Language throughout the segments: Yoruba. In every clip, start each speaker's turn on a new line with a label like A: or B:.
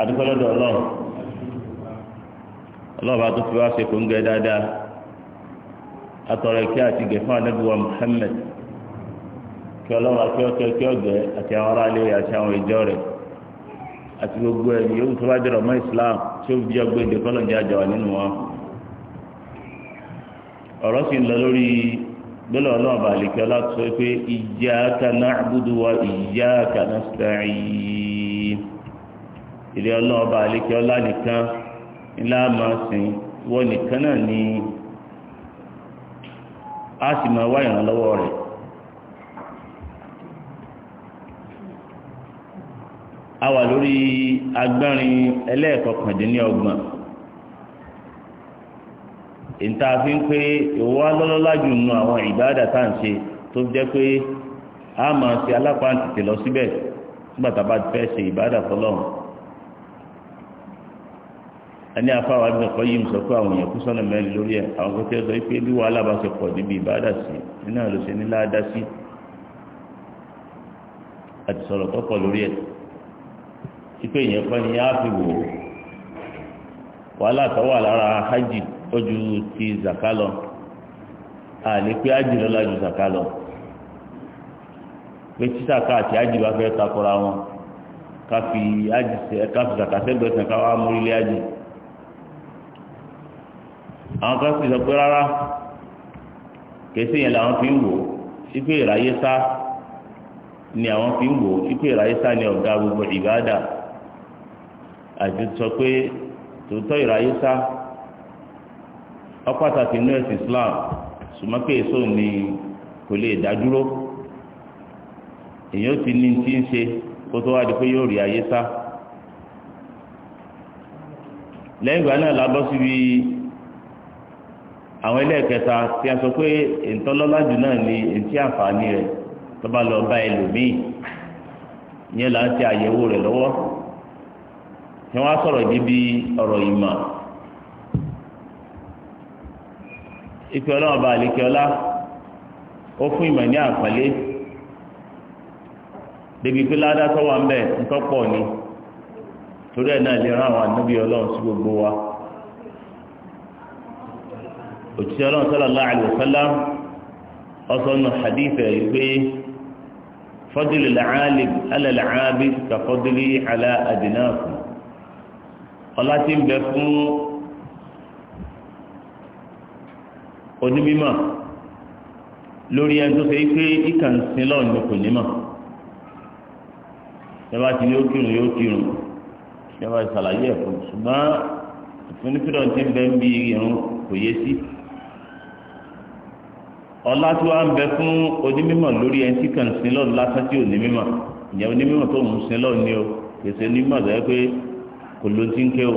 A: adúgbòlódò ọlọ́run ọlọ́ọ̀bá tó fi wá ṣe kó dáadáa atọ̀rọ̀ ìkẹ́ àti gẹ̀ fún Muhammad kí ọlọ́run àti ọ̀kẹ́ kí ọ̀gẹ́ àti àwọn aráalé àti àwọn ìjọ rẹ̀ àti gbogbo ẹ̀mí yóò tó bá dẹ̀rọ̀ mọ́ Islam tí ó bí ọgbẹ́ èdè kọ́lọ̀ jẹ́ àjọ wà nínú wọn. ọ̀rọ̀ sì ń lọ lórí gbọ́dọ̀ ọlọ́ọ̀bá àlèkẹ́ ọlá sọ pé ilé ọlọ́ọ̀ba ọba ọlá nìkan ńlá máa sìn wọ́n nìkan náà ni a sì máa wá ìrànlọ́wọ́ rẹ̀. a wà lórí agbárin ẹlẹ́ẹ̀kọkàndínlọ́gbọ̀n ìta fi ń pé ìwọ alọ́lọ́lá jù nù àwọn ìbáàdà tá à ń ṣe tó jẹ́ pé a máa ṣe alápá tètè lọ síbẹ̀ nígbà tá a bá fẹ́ ṣe fọlọ́run. ẹni afáwà ní ọ̀pọ̀ yìí ń sọ pé àwọn èèyàn kú sọ́nà mẹ́rin lórí ẹ̀ àwọn kò tẹ́ sọ pé bí wàhálà bá ṣe pọ̀ níbi ìbáàdà sí nínú àlọ́ ṣe ní láàdá sí àti sọ̀rọ̀ pọ̀pọ̀ lórí ẹ̀ ipe èèyàn kọ́ ni yáá fi wò ó wàhálà tó wà lára hajj ó ju ti zaka lọ àlè pé hajj lọ́la ju zaka lọ pé tí zaka àti hajj bá fẹ́ takora wọn káfi hajj káfi zaka sẹ́gbẹ̀ẹ́ sàn hajj àwọn kan sì sọ pé rárá kèsì yẹn làwọn fi ń wò ipe ìráyé sá ni àwọn fi ń wò ipe ìráyé sá ni ọ̀gá gbogbo ìbáàdà àti sọ pé tòótọ́ ìráyé sá ọpàtàkì inú ẹ̀sìn Islam sùmọ́pé èso ni kò lè dá dúró èyí ó ti ní ti ń ṣe kó tó wá di pé yóò rí ayé sá lẹ́yìn ìgbà náà la bọ́ síbi. Si àwọn ẹlẹ́ẹ̀kẹta tí a sọ pé ìtọ́lọ́lájú náà ni etí àǹfààní rẹ̀ tó bá lọ bá ẹlòmíì yẹn là ń ṣe àyẹ̀wò rẹ̀ lọ́wọ́ ni wọ́n á sọ̀rọ̀ níbi ọ̀rọ̀ ìmọ̀ ìpè ọlọ́run ọba àlékẹ́ọ́lá ó fún ìmọ̀ ní àpọ́nlé bébí pé ládàá tó wà ń bẹ̀ ń tọ́pọ̀ ni torí ẹ̀ náà lè rán àwọn àdúgbò ọlọ́run sí gbogbo wa. òtítọ́ ọlọ́run sallallahu alaihi wasallam ọsọ́nù hadith ẹ̀ pé fadlu al-alim ala al-abid ka fadli ala adnakum ọlá tí ń bẹ fún onímọ̀ lórí ẹni tó ṣe pé ìkànsìn lọ́run ni kò ní mọ̀ yàrá ti yóò kírun yóò kírun yàrá ìsàlàyé ẹ̀fọ́ ṣùgbọ́n ìfúnnífìdọ̀ ti ń bẹ ń bi irun kò yé sí ọlá tí wàá ń bẹ fún onímọ̀ lórí ẹni tí kàn sí lọ́nà lásán tí ò ní mímọ̀ ìyẹn onímọ̀ tó ń sin lọ́nà ni o kèsì onímọ̀ tó yẹ pé kò ló ti ń ké o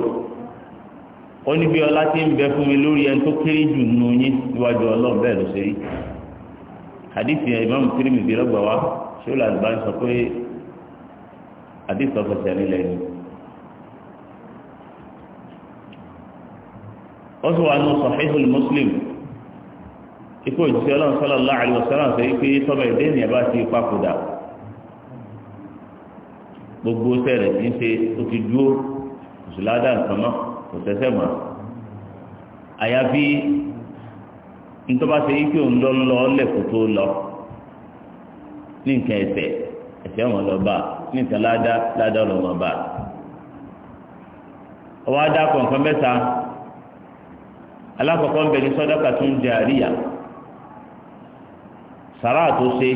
A: ó ní bí ọlá tí ń bẹ fún mi lórí ẹni tó kéré jù nù yín níwájú ọlọ́run bẹ́ẹ̀ ló ṣe rí hadithi yẹn imam Tirmidhi lọ́gbà wa ṣọlá àdìbá ń sọ pé hadithi ọ̀fẹ̀sẹ̀ nílẹ̀ ni. ó sì wà nù Sahihul ikú òjíṣẹ́ ọlọ́run sallallahu alaihi wasallam sọ pé tọ́mọ ìdé ènìyàn bá ti papòdà gbogbo sẹ́rẹ̀ tí ń ṣe ó ti dúró ìṣúládà nǹkan mọ́ kò sẹ́sẹ̀ mọ́ àyàfi ike òun lọ lọ lẹ́kọ̀ọ́ tó lọ ní nǹkan wọn lọ bá ní nǹkan ládá ládá lọ wọn bá ọwọ́ adá kọ̀ọ̀kan mẹ́ta alákọ̀ọ́kọ́ ń sara tó ṣe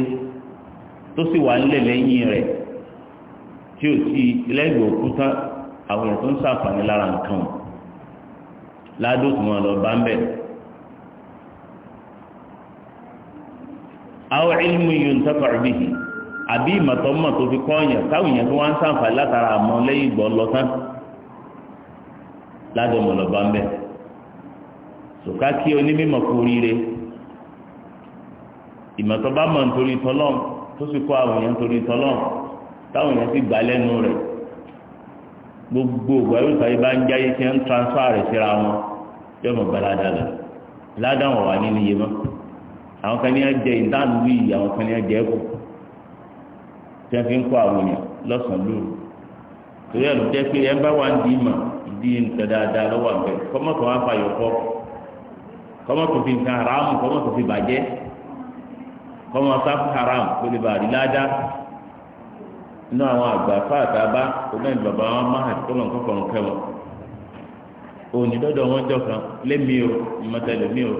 A: tó sì wà nílẹ̀ lẹ́yìn rẹ̀ tí ò tí lẹ́yìn òkú tán àwọn èèyàn tó ń sàǹfààní lára nǹkan ládùúgbò lọ bá ń bẹ̀. àwọn yìí ń yìí àbí ìmọ̀tọ́mọ̀ tó fi kọ́ ọ̀yàn táwọn èèyàn tó wá ń sàǹfààní látara àmọ́ lẹ́yìn ìgbọ́ lọ tán ládùúgbò lọ bá ń bẹ̀. ìmọ̀tọ́ bá mọ̀ nítorí tọ́lọ́m tó sì kọ́ àwọn èèyàn nítorí tọ́lọ́m táwọn èèyàn sì gbà lẹ́nu rẹ̀ gbogbo ògbà yóò sáré bá ń jáyé tí wọ́n ń transfer rẹ̀ síra wọn yóò mọ̀ gbalada lọ ládàwọ̀ wà nínú iye mọ́ àwọn kan ní ẹjẹ ìdáàlú yìí àwọn kan ní ẹjẹ tí wọ́n fi ń kọ́ àwọn èèyàn lọ́sàn lóru torí ẹ̀ ló jẹ́ pé ẹ bá wà ń di ìmọ̀ ìdí nǹkan lọ́wọ́ àgbẹ̀ kọ́mọ́tò wọn fàyọ̀ kọ́ kọ́mọ́tò fi nǹkan haramu kọ́mọ́tò fi bàjẹ́ kọ́mọ sáfù haram kó lè bàrí ládá àwọn àgbà fáàtàbá onáìlú bàbá wọn máa kọ́kọ́ ń òní dọ́dọ̀ wọn jọ kan lémi o ìmọ̀tẹ́lẹ̀ o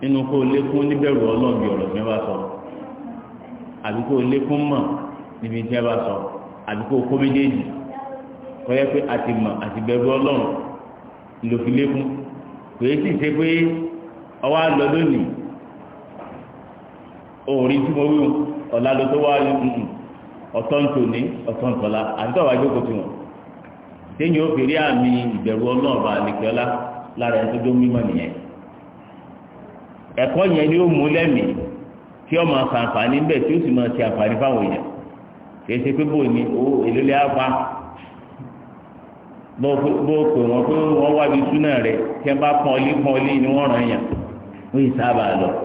A: nínú kó lékún níbẹ̀rù ọlọ́run mi bá sọ àbí kó lékún mọ̀ níbi tí bá sọ àbí kó kó òòrì tí mo wí ọ̀la ló tó wá rí téèyàn àmì ìbẹ̀rù ọlọ́ọ̀bà àlèkẹ́ọ́lá lára ẹni tó dó mímọ́ nìyẹn ẹ̀kọ́ yẹn ni ó mú lẹ́mìí tí ọmọ àǹfààní ń ó sì máa ti àǹfààní fáwọn èèyàn kìí ṣe pé ni owó èlò lè apá bó pè pé wọn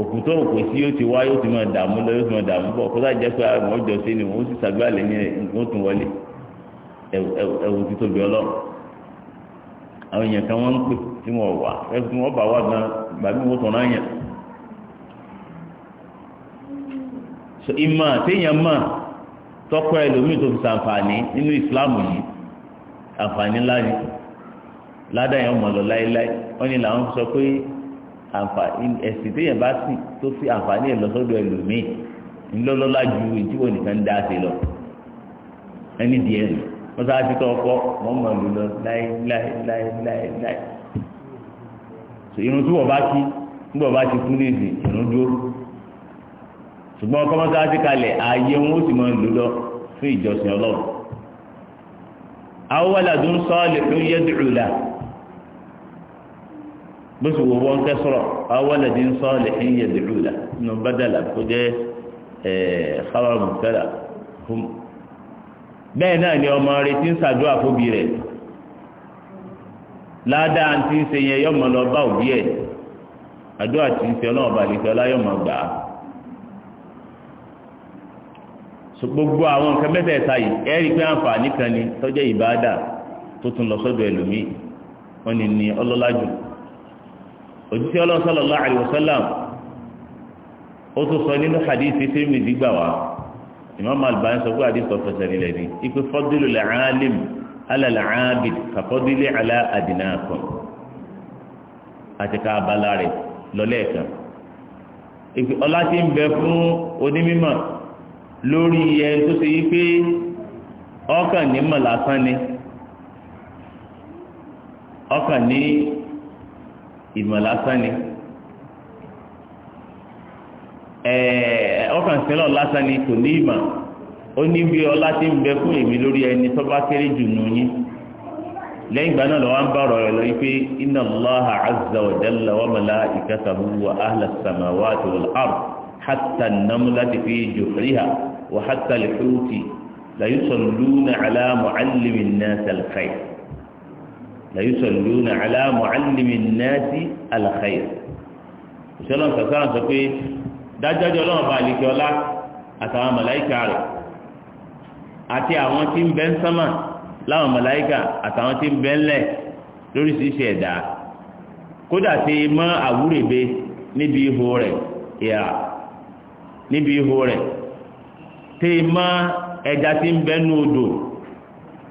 A: òkútó òkú sí yóò ti wá yóò ti máa dààmú lọ yóò ti máa dààmú pé àwọn sí ni sàgbé ní tún wọlé ti tóbi ọlọ́run àwọn èèyàn kan wọ́n ń pè tí wọ́n wà tí bá wà gan gbàgbé tàn náà yàn. so ìmọ̀ téèyàn mọ̀ tọ́kọ tó fi nínú ìsìláàmù yìí ńlá ni ládàá yẹn lọ láéláé sọ pé àǹfààní ẹ̀sìn téèyàn bá sì tó sí àǹfààní ẹ̀ lọ́sọ́dọ̀ ẹlòmíì ńlọ́lọ́lá ju ìdíwọ̀ nìkan dá sí lọ ẹni díẹ̀ nù wọ́n sáà ti tọ́ ọkọ wọ́n mọ̀ lù lọ láéláéláéláé irun tí wọ́n bá kí nígbà wọ́n bá ti kú níbi irun dúró ṣùgbọ́n ọkọ mọ́tò àti kalẹ̀ ààyè wọn ó sì mọ̀ lù lọ fún ìjọsìn ọlọ́run àwọn wàlàdún sọ́ọ̀lì ló yẹ dùrù là bó sì wo wọ́n kẹ́ sọ̀rọ̀ awọ́lẹ̀dì ń sọ lẹ́yìn yẹ̀dùrú la nù bàdàlà kó jẹ́ xawa mùsàlà fún bẹ́ẹ̀ náà ni ọmọ rẹ̀ ti ń ṣàdúrà fóbi rẹ̀ ládàá ti ń ṣe yẹn bá òbí ẹ̀ àdúrà tí òjísé ọlọ́run sallallahu alaihi wasallam ó tún sọ nínú hadithi tí mi dìgbà wá imam albani sọ pé àdìsọ fẹsẹ̀ nílẹ̀ ni ipe fọ́dúlù làálìm alàlàábìd kàfọ́dúlù àlà àdìnàkùn àti ká abala rẹ̀ lọ́lẹ́ẹ̀kan ipe ọlá tí ń bẹ fún onímọ̀ lórí ẹni tó ṣe yí pé ọkàn ní mọ̀ lásán ni ọkàn ní ìmọ̀lásán ni ọkàn sílọ̀ lásán ni kò ní ìmọ̀ ó ní bí ọlá tí ń bẹ fún èmi lórí ẹni tó bá kéré jù nù yín lẹ́yìn ìgbà náà lọ́wọ́ ń bá ọ̀rọ̀ rẹ̀ lọ wípé inna Allaha azza wa jalla wa malaikatahu wa ahla as-samawati wal ard hatta an-namlati fi juhriha wa hatta al-huti la yusalluna ala mu'allimi an-nas al-khayr layusalluna ala muallimin nasi alkhair ìṣẹlẹ ọsàkàrà sọ pé dájọjọ Ọlọ́run bá àlekè ọlá àtàwọn màláíkà rẹ̀ àti àwọn tí ń bẹ ń sánmà láwọn màláíkà àtàwọn tí ń bẹ ń lẹ̀ lóríṣiríṣi ẹ̀dá kódà ti mọ àwúrèbe níbi ihò rẹ̀ ìhà níbi ihò rẹ̀ ti mọ ẹja tí ń bẹ nú odò.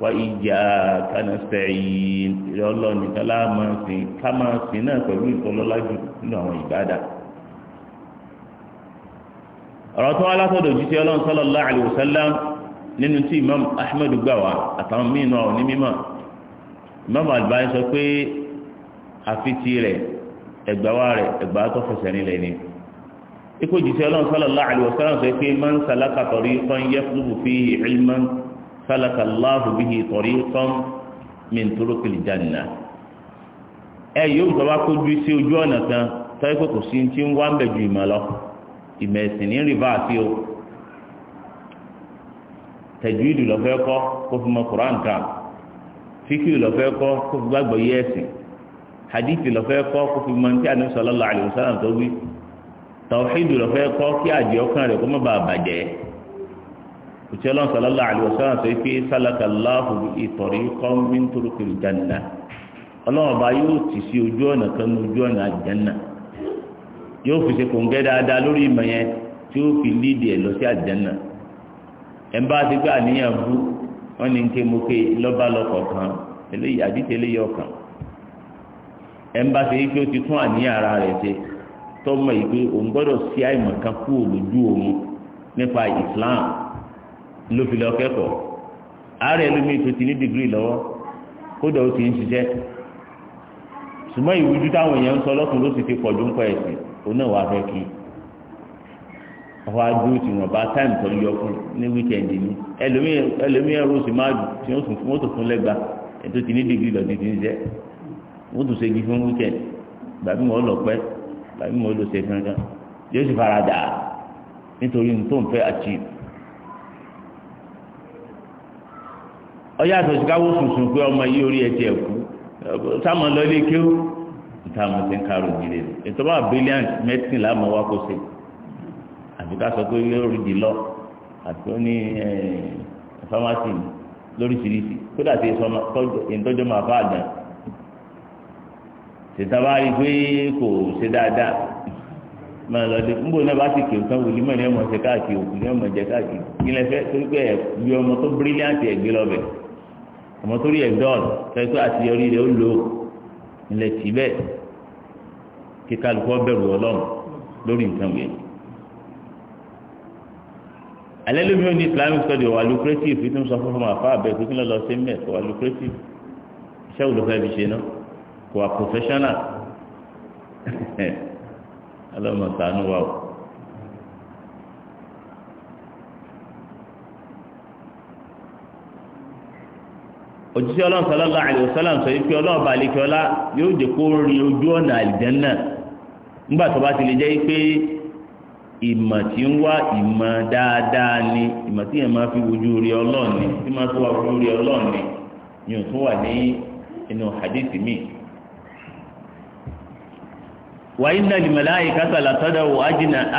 A: wa ìjà kanastẹ̀yìn ìrẹ́ ọlọ́ọ̀nì kálá máa sìn ká máa sìn náà pẹ̀lú ìtọ́lọ́lájú nínú àwọn ìbádà ọ̀rọ̀ tó wá látọ̀dọ̀ jíṣẹ́ ọlọ́run sallallahu alaihi wasallam nínú tí imam ahmed gbà wá àtàwọn míì náà ní mímọ́ imam albani sọ pé àfitì rẹ̀ ẹgbàwá rẹ̀ ẹgbàá tó fẹsẹ̀ nílẹ̀ ni ikú jíṣẹ́ ọlọ́run sallallahu alaihi wasallam sọ sálàkà الله به ìtọ̀rí من طرق الجنة. janna ẹ yóò sọ wá kójú sí ojú ọ̀nà kan tọ́yẹ́ pé kò sí ti ń wá ń bẹ̀ ju ìmọ̀ lọ ìmọ̀ ẹ̀sìn ní rìváàsì o tẹ̀júìdù lọ́fẹ́ kọ́ kó fi mọ koran kan fíkìrì lọ́fẹ́ kọ́ kó fi gbàgbọ́ yé ẹ̀sìn hadithi lọ́fẹ́ kọ́ kó fi mọ ní àná sallallahu alaihi wasallam tó wí tawhidu lọ́fẹ́ kọ́ kí àjẹ́ ọkàn rẹ̀ kó má bàa bàjẹ́ òtíọ́lọ́n sọlọ́lá àlùwọ̀sọ́nà tó pé sálàkà láàfù ìtọ̀rí kọ́mí nítorí kiri jàǹdà ọlọ́run ọba yóò tì sí ojú ọ̀nà kan ní ojú ọ̀nà àjẹ́nà yóò fi ṣe kòǹgẹ́ dáadáa lórí ìmọ̀ yẹn tí ó fi líìdì ẹ̀ lọ sí àjẹ́nà ẹ̀ ń bá ti gbé àníyàn bú wọ́n ní ké mo ké lọ́ba lọ́kọ̀ kan ẹ̀ ń bá ṣe yí pé ó ti àníyàn ara rẹ̀ ló fi lọ kẹ́kọ̀ọ́ ààrẹ lómi tó ti ní dìgírì lọ́wọ́ kódà ó ti ń ṣiṣẹ́ ṣùgbọ́n ìwújú táwọn èèyàn ń sọ lọ́kùn ló sì ti pọ̀jù ń pọ̀ ẹ̀sìn òun náà wàá fẹ́ kí ọwọ́ adúró tí wọ́n bá táìmù tó yọ fún ní wíkẹ́ndì ni ẹlòmíì ẹrú sì máa dùn tí wọ́n tún mọ́tò fún lẹ́gba ètò ti ní dìgírì lọ́dún ti ń ṣiṣẹ́ wọ́n tún ṣègi fún wíkẹ́ndì gbàbí wọn lọ pẹ́ gbàbí wọn lọ ṣe fún ọyá àtọ̀síkáwó sùnsùn pé ọmọ yìí orí ẹtì ẹ̀kú sáàmù lọ́lé kéwú ìtààmù ti ń karò nílé rẹ̀ ètò bá bílíọ̀n mẹ́tìn láàmú wa kó se àti ká sọ pé lórí di lọ àti ó ní fámásì lóríṣiríṣi kódà tí sọmọ ìtọ́jọ́ máa bá àgbà tètàbá rí pé kò ṣe dáadáa máa lọ dé nbọ náà bá ti kéwù tán wòlíì mọ̀ ní ọmọ ṣe káàkiri òkú ní ọmọ jẹ káàkiri kí lẹ fẹ́ torí pé ẹ̀ bí ọmọ tó bírílíọ̀ntì ẹ̀ gbé lọ ọmọ tó rí ẹ̀ dọ́ọ̀lù fẹ́ẹ́ àti orí rẹ̀ ó lò ó ilẹ̀ tì bẹ́ẹ̀ kí kálukú bẹ̀rù ọlọ́run lórí nǹkan wẹ̀. alẹ́ lómi ó ní islamic study wà lucrative fi tún sọ fún fún àfa àbẹ̀ pé kí ló lọ sí mẹ́ kò wà lucrative iṣẹ́ wo ló fẹ́ fi ṣe náà kò wà professional ọlọ́mọ sànú wa o. òjíṣẹ́ ọlọ́run sallallahu alaihi wasallam sọ yìí pé ọlọ́run bá lè fi ọlá yóò jẹ́ kó rin ojú ọ̀nà àlìjẹ́nà nígbà tó bá ti lè jẹ́ pé ìmọ̀ tí ń wá ìmọ̀ dáadáa ni ìmọ̀ tí yẹn máa fi wojú rí ọlọ́run ni tí máa tó wá wojú rí ọlọ́run ni ni ò tún wà ní inú hadith mi. wa inna lil malaikata la tada'u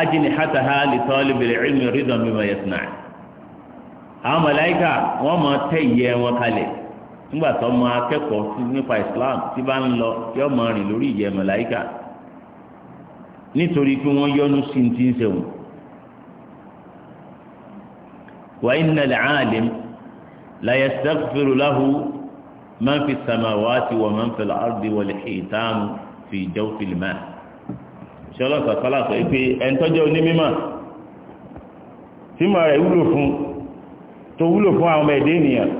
A: ajnihataha li talibil ilmi ridan bima yasna'. àwọn nígbà tó ọmọ akẹ́kọ̀ọ́ nípa Islam tí bá ń lọ yóò máa rìn lórí ìyẹ́ màláíkà nítorí pé wọ́n yọ́nú sí ti ń sẹ̀wọ̀n. wa inna al-alim la yastaghfiru lahu man fi samawati wa man fi al-ardi wal-hitan fi jawfi al-ma' ṣọlá sọ pé ẹni tó jẹ́ onímọ̀ tí màá rẹ̀ wúlò fún tó wúlò fún àwọn ọmọ ẹ̀dẹ́ ènìyàn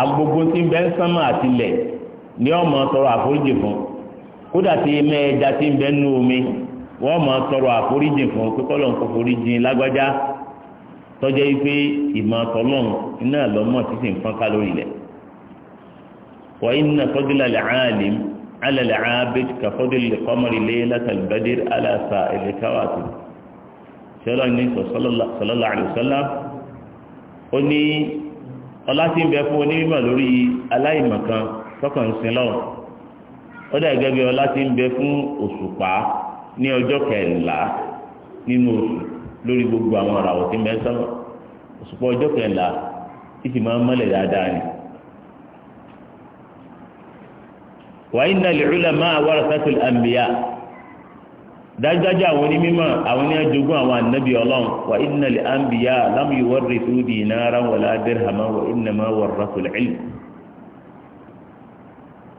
A: agbogbo tí ń bẹ ń sánmà àtilẹ̀ ni wọ́n máa tọrọ àforíjì fún kódà tí mẹ́ ẹja tí ń bẹ nú omi wọ́n máa tọrọ àforíjì fún pé kọ́lọ̀ ń kó foríjì lágbájá tọ́jẹ́ wípé ìmọ̀ tọ́lọ́n iná lọ́mọ títí nǹkan ká lórí ilẹ̀ wọ́n iná fọ́dúlà làálìm alẹ́lẹ́ àábẹ́jì ká fọ́dúlà kọ́mọ̀rì lé látàlí bẹ́dẹ́rì aláṣà ẹ̀lẹ́ káwàtì ní sọ sọlọ́ọ̀ àlùsọ́lá ó ní ọlá tí ń bẹ fún onímọ̀ lórí aláìmọ̀kan tọkàn sin ó dà gẹ́gẹ́ bí ń bẹ fún òṣùpá ní ọjọ́ kẹrìnlá nínú lórí gbogbo àwọn ọ̀ràwọ̀ tí ń bẹ òṣùpá ọjọ́ kẹrìnlá títí máa ń mọ́lẹ̀ dáadáa ni. wàá iná lè máa dájúdájú àwọn onímọ̀ àwọn ní ajogún àwọn ànábì ọlọ́run wa inna lil anbiya lam yuwarrithu dinaran wala dirhaman wa innama warrathu al-ilm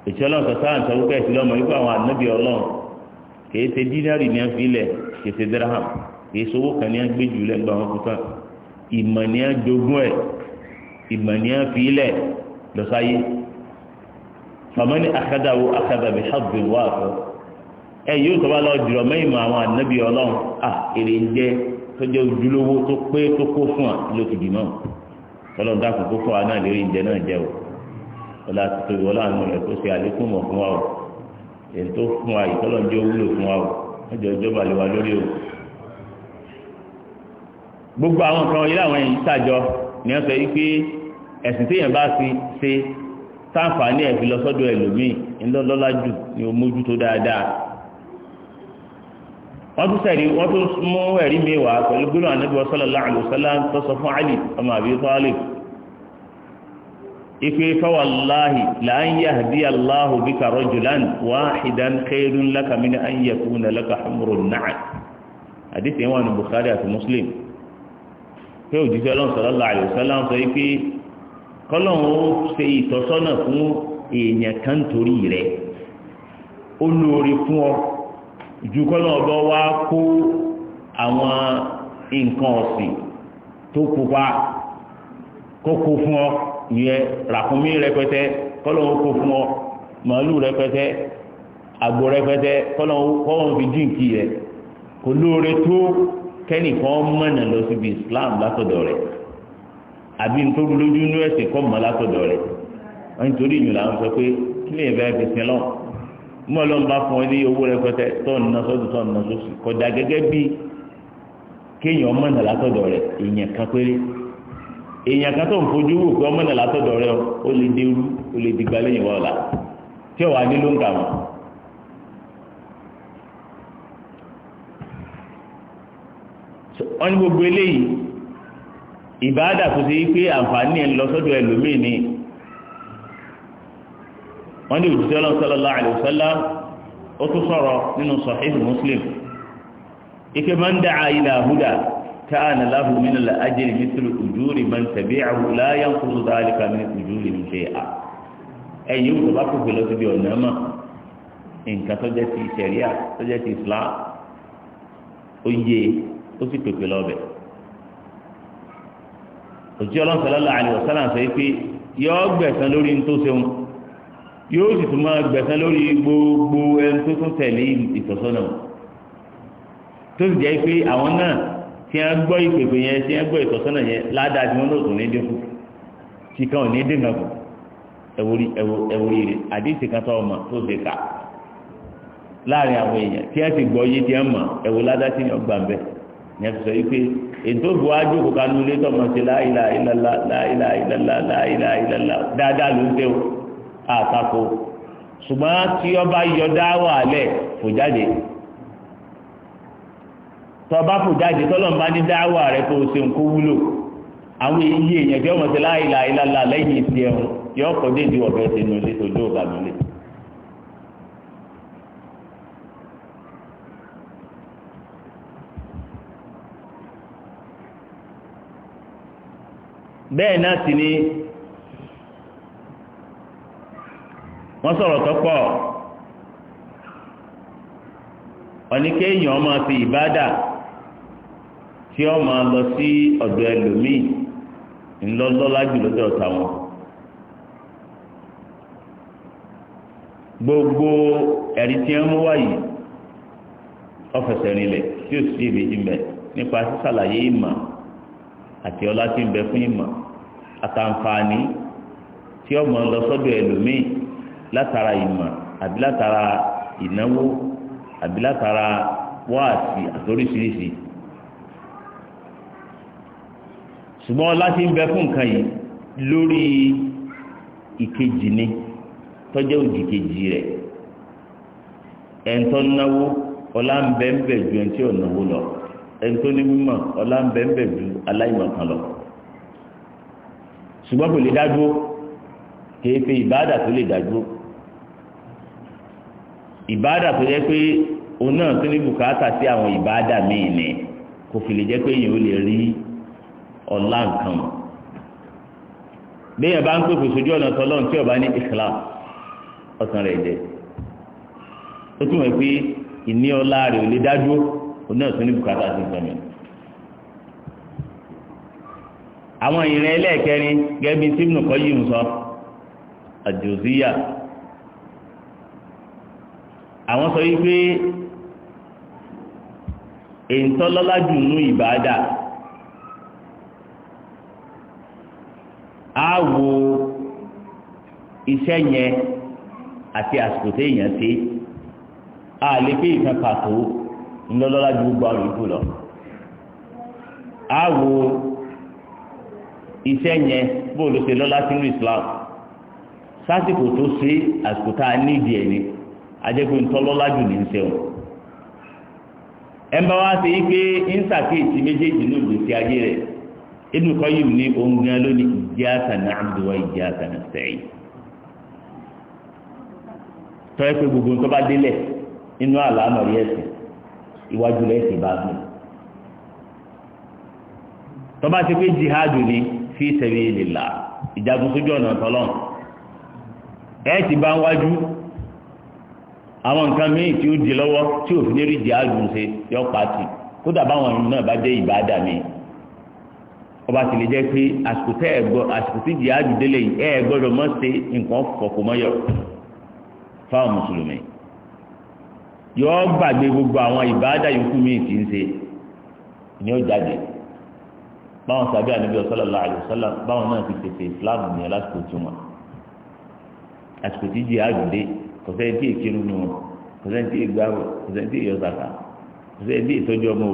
A: ètò ọlọ́run sọ sáà ń sọ wípé ẹ̀sìn lọ́mọ wípé àwọn ànábì ọlọ́run kìí ṣe dínárì ní ẹ̀fín ilẹ̀ kìí ṣe dirham kìí ṣe owó kan ní ẹgbẹ́ lẹ́gbàá wọn kú ẹ̀yìn yóò tọ́ba lọ jùlọ mẹ́yìnmọ́ àwọn ànábì ọlọ́run à èrè ń jẹ́ tó jẹ́ ojúlówó tó pé tó kó fún wa ló ti dì náà ọlọ́run dákun kó fún wa náà lérí ìjẹ náà jẹ́ o ọlá tuntun ìwọlá àwọn ọ̀rẹ́ tó ṣe àlékún mọ̀ fún wa o èyí tó fún wa ìtọ́lọ́ jẹ́ wúlò fún wa o ọjọ́ ìjọba lè wa lórí o gbogbo àwọn kan ilé àwọn ẹ̀yìn tàjọ ni wọ́n sọ yìí pé ẹ̀sìn téèyàn bá ti ṣe táǹfààní ẹ̀ fi lọ sọ́dọ̀ ẹlòmíì ńlọ́lọ́lá jù ni ó mójútó dáadáa wọ́n tún sẹ̀rí wọ́n tún mú ẹ̀rí mi wá pẹ̀lú gbólóhùn Ànábì sallallahu alaihi wasallam tó sọ fún Àlì ọmọ Àbí Tálib ife fawallahi la an yahdi Allahu bika rajulan wahidan khairun laka min an yakuna laka humrun na'am àdìsí wọn ní Bukhari àti Muslim pé òjíṣẹ́ Ọlọ́run sallallahu alaihi wasallam sọ pé ó ṣe ìtọ́sọ́nà ju kọ́nà ọ̀bọ wa kó àwọn nǹkan ọ̀sìn tó pupa kó kó fún ọ ìyẹn ràkúnmí rẹpẹtẹ kọ́nà ó kó fún ọ màálù rẹpẹtẹ àgbò rẹpẹtẹ kọ́nà ó kọ́nà fi jíǹkì rẹ kò lóore tó kẹ́nìkan mọ̀nà lọ síbi Islam látọ̀dọ̀ rẹ̀ àbí nítorí lójú inú ẹ̀sìn kọ́ mọ̀ látọ̀dọ̀ rẹ̀ wọ́n nítorí ìyọ̀lá ń sọ pé kí lè bẹ́ẹ̀ fi sin lọ́wọ́ mọ́ ló ń bá fún ọ ní owó rẹpẹtẹ tọ́ọ̀nù náà sọ́dún tọ́ọ̀nù náà sọ́sì kódà gẹ́gẹ́ bí kéèyàn mọ̀nà látọ̀dọ̀ rẹ̀ èèyàn kan péré èèyàn kan tó ń fojú wò pé ọmọ náà látọ̀dọ̀ rẹ̀ ó lè dé irú ó lè dìgbà lẹ́yìn wọ́n ọ̀la tí ò wá ló ń kà wọ́n. wọ́n ní gbogbo eléyìí ìbáàdà tó ṣe pé àǹfààní ẹ̀ lọ sọ́dọ̀ ẹlòmíì ni wọ́n ní òjijì ọlọ́run sallallahu alaihi wasallam ó tún sọ̀rọ̀ nínú sahih muslim ike man da'a ila huda káàna lahu min al-ajri mithlu ujuri man tabi'ahu la yanqusu dhalika min ujuri shay'a ẹ̀yìn òjò bá kò gbèlọ́ síbi ọ̀nà mọ̀ nǹkan tó jẹ́ ti ṣẹ̀ríà tó jẹ́ ti islam ó yé ó sì pèpè lọ́bẹ̀ òjijì ọlọ́run sallallahu alaihi sọ yóò sì tún máa gbẹ̀sán lórí gbogbo ẹni tó tún tẹ̀lé ìtọ́sọ́nà tó sì jẹ́ pé àwọn náà tí wọ́n gbọ́ ìpèpè yẹn tí wọ́n gbọ́ ìtọ́sọ́nà yẹn ládàá tí wọ́n náà tún ní dínkù tí kan ò ní dínkù ẹ̀wòrí ẹ̀wòrí rẹ̀ àdéhìsì kan tó ọmọ tó ṣe kà láàrin àwọn èèyàn tí wọ́n ti gbọ́ yé tí wọ́n mọ̀ ẹ̀wò ládàá tí wọ́n gbà ń bẹ̀ ní ẹ̀fọ́ sọ wípé ètò ìbò ajókòó kanú ilé tọ́mọ̀ ṣe láìláìlá láìláìlá láìláìlá dáadáa ló ń tẹ́ o. àtakò ṣùgbọ́n tí ọba yọdá wà lẹ̀ fò jáde tọba fò jáde tọ́lọ́mbà ní dáwà rẹ tó ṣe ń kó wúlò àwọn èyí èèyàn tí ọmọ ti láìla ìlàlà lẹ́yìn ìsì ẹ̀hún yọ déédéé bẹ́ẹ̀ náà sì wọ́n sọ̀rọ̀ tó pọ̀ ọ̀nìkéèyàn ọmọ fi ìbádà tí ó máa lọ sí ọ̀dọ̀ ẹlòmíì ńlọ́lọ́lá jùlọ tó wọn. gbogbo ẹ̀rí tí ń mú wáyé ọ̀fẹ̀sẹ̀ rinlẹ̀ tí ó sì rí jìnbẹ̀ nípa sísàlàyé ìmọ̀ àti ọlá tí ń bẹ fún ìmọ̀ àtàǹfààní tí ó máa látara ìmọ̀ àbí látara ìnáwó àbí látara wáàsí àtòríṣiríṣi ṣùgbọ́n láti ń bẹ fún nǹkan yìí lórí ìkejì ni tọ́jẹ́ òdì kejì rẹ̀ ẹ̀ńtọ́ náwó ọlá ń bẹ ń bẹ ju ẹni tí ò náwó lọ ẹ̀ńtọ́ ní mímọ̀ ọlá ń bẹ ń bẹ ju aláìmọ̀ kan lọ ṣùgbọ́n kò lè dá dúró kìí fi ìbáàdà tó lè dájú ìbáàdà tó jẹ́ pé òun náà tó ní bùkátà sí àwọn ìbáàdà míì ni kò fi lè jẹ́ pé èèyàn ò lè rí ọ̀la nǹkan béèyàn bá ń pèpè sójú ọ̀nà tọ́lọ́run tí ó ní ikhlas ọ̀sán rẹ̀ jẹ́ ó túmọ̀ pé ìní ọlá rẹ̀ ò lè dájú òun náà tó ní bùkátà sí nǹkan mi àwọn ìrìn ẹlẹ́ẹ̀kẹrin gẹ́gẹ́ bí tí ibùnú kọ́ yìí ń sọ àjòzíyà àwọn sọ wípé èyí tó lọ́lá jù nú ìbáadà á wo iṣẹ́ yẹn àti àsìkò téèyàn ṣe á lè pé ìfẹ́ pàtó ńlọ́lọ́lá ju gbogbo àwọn ìlú lọ á wo iṣẹ́ yẹn bóòlù ṣe lọ́lá sínú Islam. sásìkò tó ṣe àsìkò tá a ní ìdí ẹ̀ ni ajẹ́pẹ́ ńtọ́lọ́lájù ní í ṣẹ́wọ̀n ń bá wá ṣe pé ń méjèèjì ní ìgbésí ayé rẹ̀ inú kọ́ yìí ní ohun gan lónìí iyyaka na'budu wa iyyaka nasta'in tọ́yẹ́ pé gbogbo nǹkan bá délẹ̀ inú àlàámọ̀ rí ẹ̀sìn iwájú lẹ́sìn bá pé jihadu ni fi ìjagun sójú ọ̀nà ẹ̀ ti bá wájú àwọn nǹkan míì tí ó di lọ́wọ́ tí òfin lérí di àdùn ṣe yọ pàtì kódà báwọn ìlú náà bá dé ìbáàdà mi ọba sì lè jẹ́ pé àsìkò tẹ́ ẹ̀ gbọ́ àsìkò tí di àdùn délé yìí ẹ̀ gbọ́dọ̀ mọ́ ṣe nǹkan kọ̀kọ̀ mọ́ yọ fáwọn mùsùlùmí yọ gbàgbé gbogbo àwọn ìbáàdà yòókù míì tí ń ṣe ni ó jáde báwọn sàbí àdúgbò sallallahu alaihi wasallam báwọn náà ti tètè Islam nìyẹn lásìkò tí wọn. àsìkò tí jihad dé kò sẹ́ni tí èkéré nu wọn kò sẹ́ni tí ègbàwọ̀ kò sẹ́ni tí èyọ̀sàkà kò sẹ́ni tí ìtọ́jú ọmọ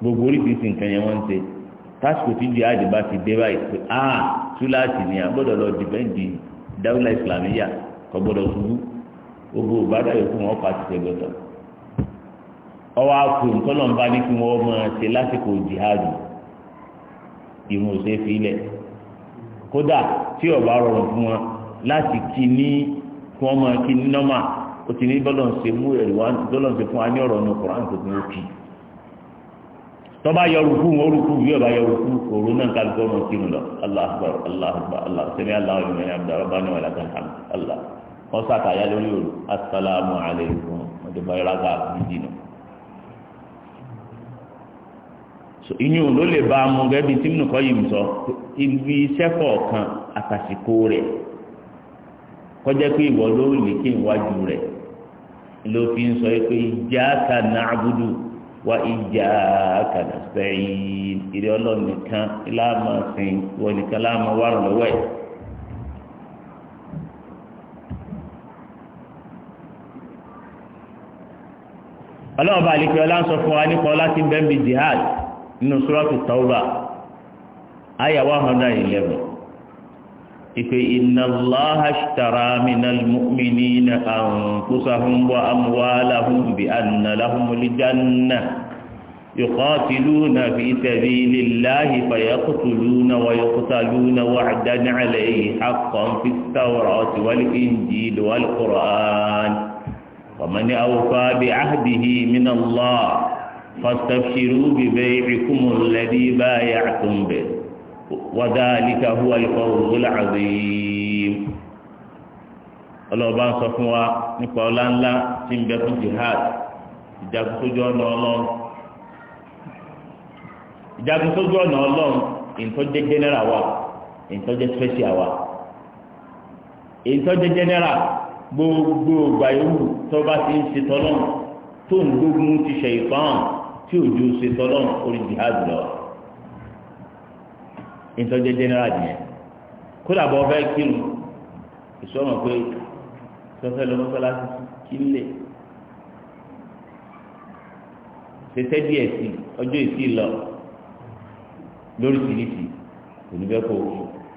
A: gbogbo oríṣiríṣi nǹkan yẹn wọ́n ń ṣe tásìkò tí bá ti dé báyìí pé a túláàsì ni àgbọ́dọ̀ lọ dìbẹ́ǹdì dáwùlà ìsìlámíyà kò gbọ́dọ̀ ṣubú gbogbo òbádà yòókù wọn ti ṣègbọ̀tọ̀ ọwọ́ láti kí ní kí wọ́n máa kí ní nọ́mà ó ti ní bọ́lọ̀ ń ṣe mú ẹ̀rí wá bọ́lọ̀ ń ṣe fún wa ní ọ̀rọ̀ ọ̀nà kùrán tó tún ó kì í tọ́ba yọrùkú wọn orúkú bí ọba yọrùkú òru náà ká gbọ́ wọn kírun Allahu Akbar Allahu Akbar Allahu ní wàlá kan hàmì allah wọn sàkàyà lórí òru asalaamu alaykum ọdọba ìraka àbújì nù. ìyún ló lè bá a mú gẹ́gẹ́ bí tí mo kọ́ yìí sọ ibi iṣẹ́ kọ̀ọ̀kan àtàsìkò rẹ̀ kọjá pé ìwọ ló lè ké iwájú rẹ̀ ló fi ń sọ pé iyyaka na'budu wa iyyaka nasta'in ìrẹ́ ọlọ́run nìkan láàmà sìn wọ nìkan láàmà wà lọ́wọ́ ẹ̀. ọlọ́run bá àlekè ọlá ń sọ fún wa nípa ọlá tí bẹ́ẹ̀ bí jihad nínú Suratu Tawbah àyà one hundred and eleven. إن الله اشترى من المؤمنين أنفسهم وأموالهم بأن لهم الجنة يقاتلون في سبيل الله فيقتلون ويقتلون وعدا عليه حقا في التوراة والإنجيل والقرآن ومن أوفى بعهده من الله فاستبشروا ببيعكم الذي بايعتم به wadhalika huwa al-fawzul azim ọlọ́ọ̀bá ń sọ fún wa nípa ọlá ńlá tí ń bẹ fún jihad ìjagunsójú ọ̀nà ọlọ́run ìjagunsójú ọ̀nà ọlọ́run ìtọ́jẹ́ general wa ìtọ́jẹ́ special wa ìtọ́jẹ́ general gbogbo ìgbà yòówù tó bá ti ń ṣe tọ́lọ́run tó ń gbógun ti ṣe ìfọ́n tí òjò ṣe tọ́lọ́run orí jihad lọ ìtọ́jẹ́ general nìyẹn kódà bọ́ fẹ́ kírun ìṣọ́nà pé sọ́fẹ́ lọ mọ́sálásí kí n lè tètè díẹ̀ sí ọjọ́ ìsì lọ lóríṣiríṣi kò ní bẹ́ẹ̀ kó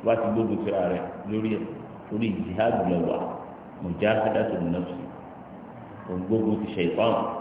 A: wá ti gbógun sí ara rẹ lórí ẹ̀ lórí jihad lọ wà mọ̀já adásọ̀rọ̀ náà sí òun gbógun ti ṣe ìfọ̀hún.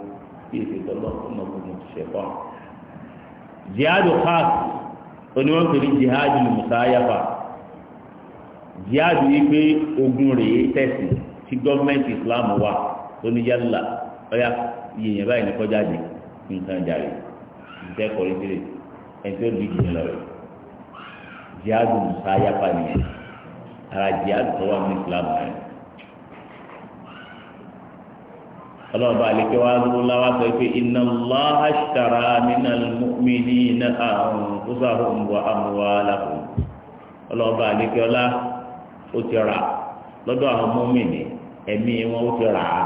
A: bí èsì tọ́lọ́ ọmọ ogun ti ṣẹ̀ fún un. jihadu khas oníwọ̀n pè ní jihadu musayafa jihadu yìí pé ogun rèé tẹ̀sí tí gọ́ọ̀mẹ̀ntì islam wà tó ní yálà ọ̀yà yìnyín báyìí ní kọjá dé nǹkan jàre ìtẹ́ kọrí sílẹ̀ ẹni tó di ìdílé lọ rẹ̀ jihadu musayafa nìyẹn ara jihadu tó wà ní islam náà. ọlọ́ọ̀bá àlekẹ́ wa lọ́wọ́ wa sọ pé inna Allaha ashtara minal mu'minina anfusahum wa amwalahum ọlọ́ọ̀bá àlekẹ́ ọlá ó ti rà lọ́dọ̀ àwọn mọ́mìnì ẹ̀mí wọn ó ti rà á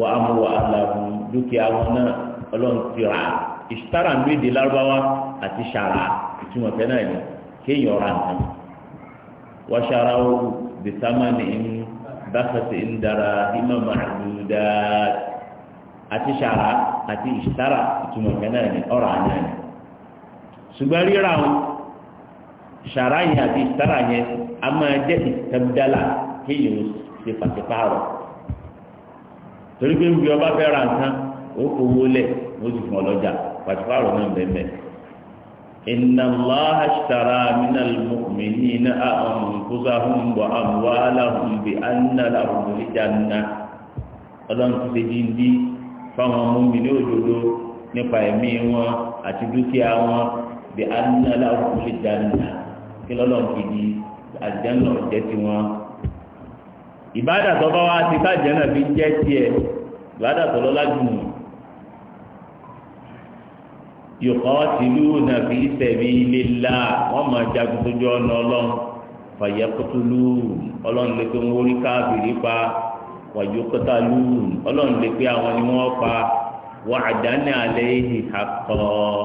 A: wa amwalahum dúkìá wọn náà ọlọ́run ti rà á ìṣítàrà ń gbèdè lárúbáwá àti ṣàrà ìtumọ̀ fẹ́ náà ni kéèyàn ra nǹkan wọ́n ṣàrà ó bákàtí ń dara ìmọ̀ màdúdà àti sàrà àti ìsàrà ìtumọ̀ kanáà ní ọ̀rọ̀ àná ni ṣùgbọ́n ríra wọn sàrà yẹn àti ìsàrà yẹn a máa jẹ́ ìtẹ́bdálà kéèyàn ṣe pàṣípààrọ̀ torí pé ń ọba fẹ́ ra nǹkan ó kówó lẹ̀ ó sì fún ọlọ́jà pàṣípààrọ̀ náà bẹ́ẹ̀ bẹ́ẹ̀. إن الله اشترى من المؤمنين أنفسهم وأموالهم بأن لهم الجنة Ọlọ́run ti ṣe díndí fáwọn mùmínì òdodo nípa ẹ̀mí wọn àti dúkìá wọn bí anala òkúlé jàǹdà kí lọ́lọ́run ti di àjẹnà ọ̀jẹ́ tiwọn. ìbádàtọ̀ bá wa ti bá àjẹnà bí jẹ́ tiẹ̀ ìbádàtọ̀ lọ́lá jùmọ̀ yuqatiluna fi sabilillah wọ́n máa jagun tó jọ ọ̀nà ọlọ́run fàyẹ́kútúlù ọlọ́run lè pé wọ́n rí káàbìrì pa wàyókútàlù ọlọ́run lè pé àwọn ni wọ́n pa wa'adana alayhi haqqan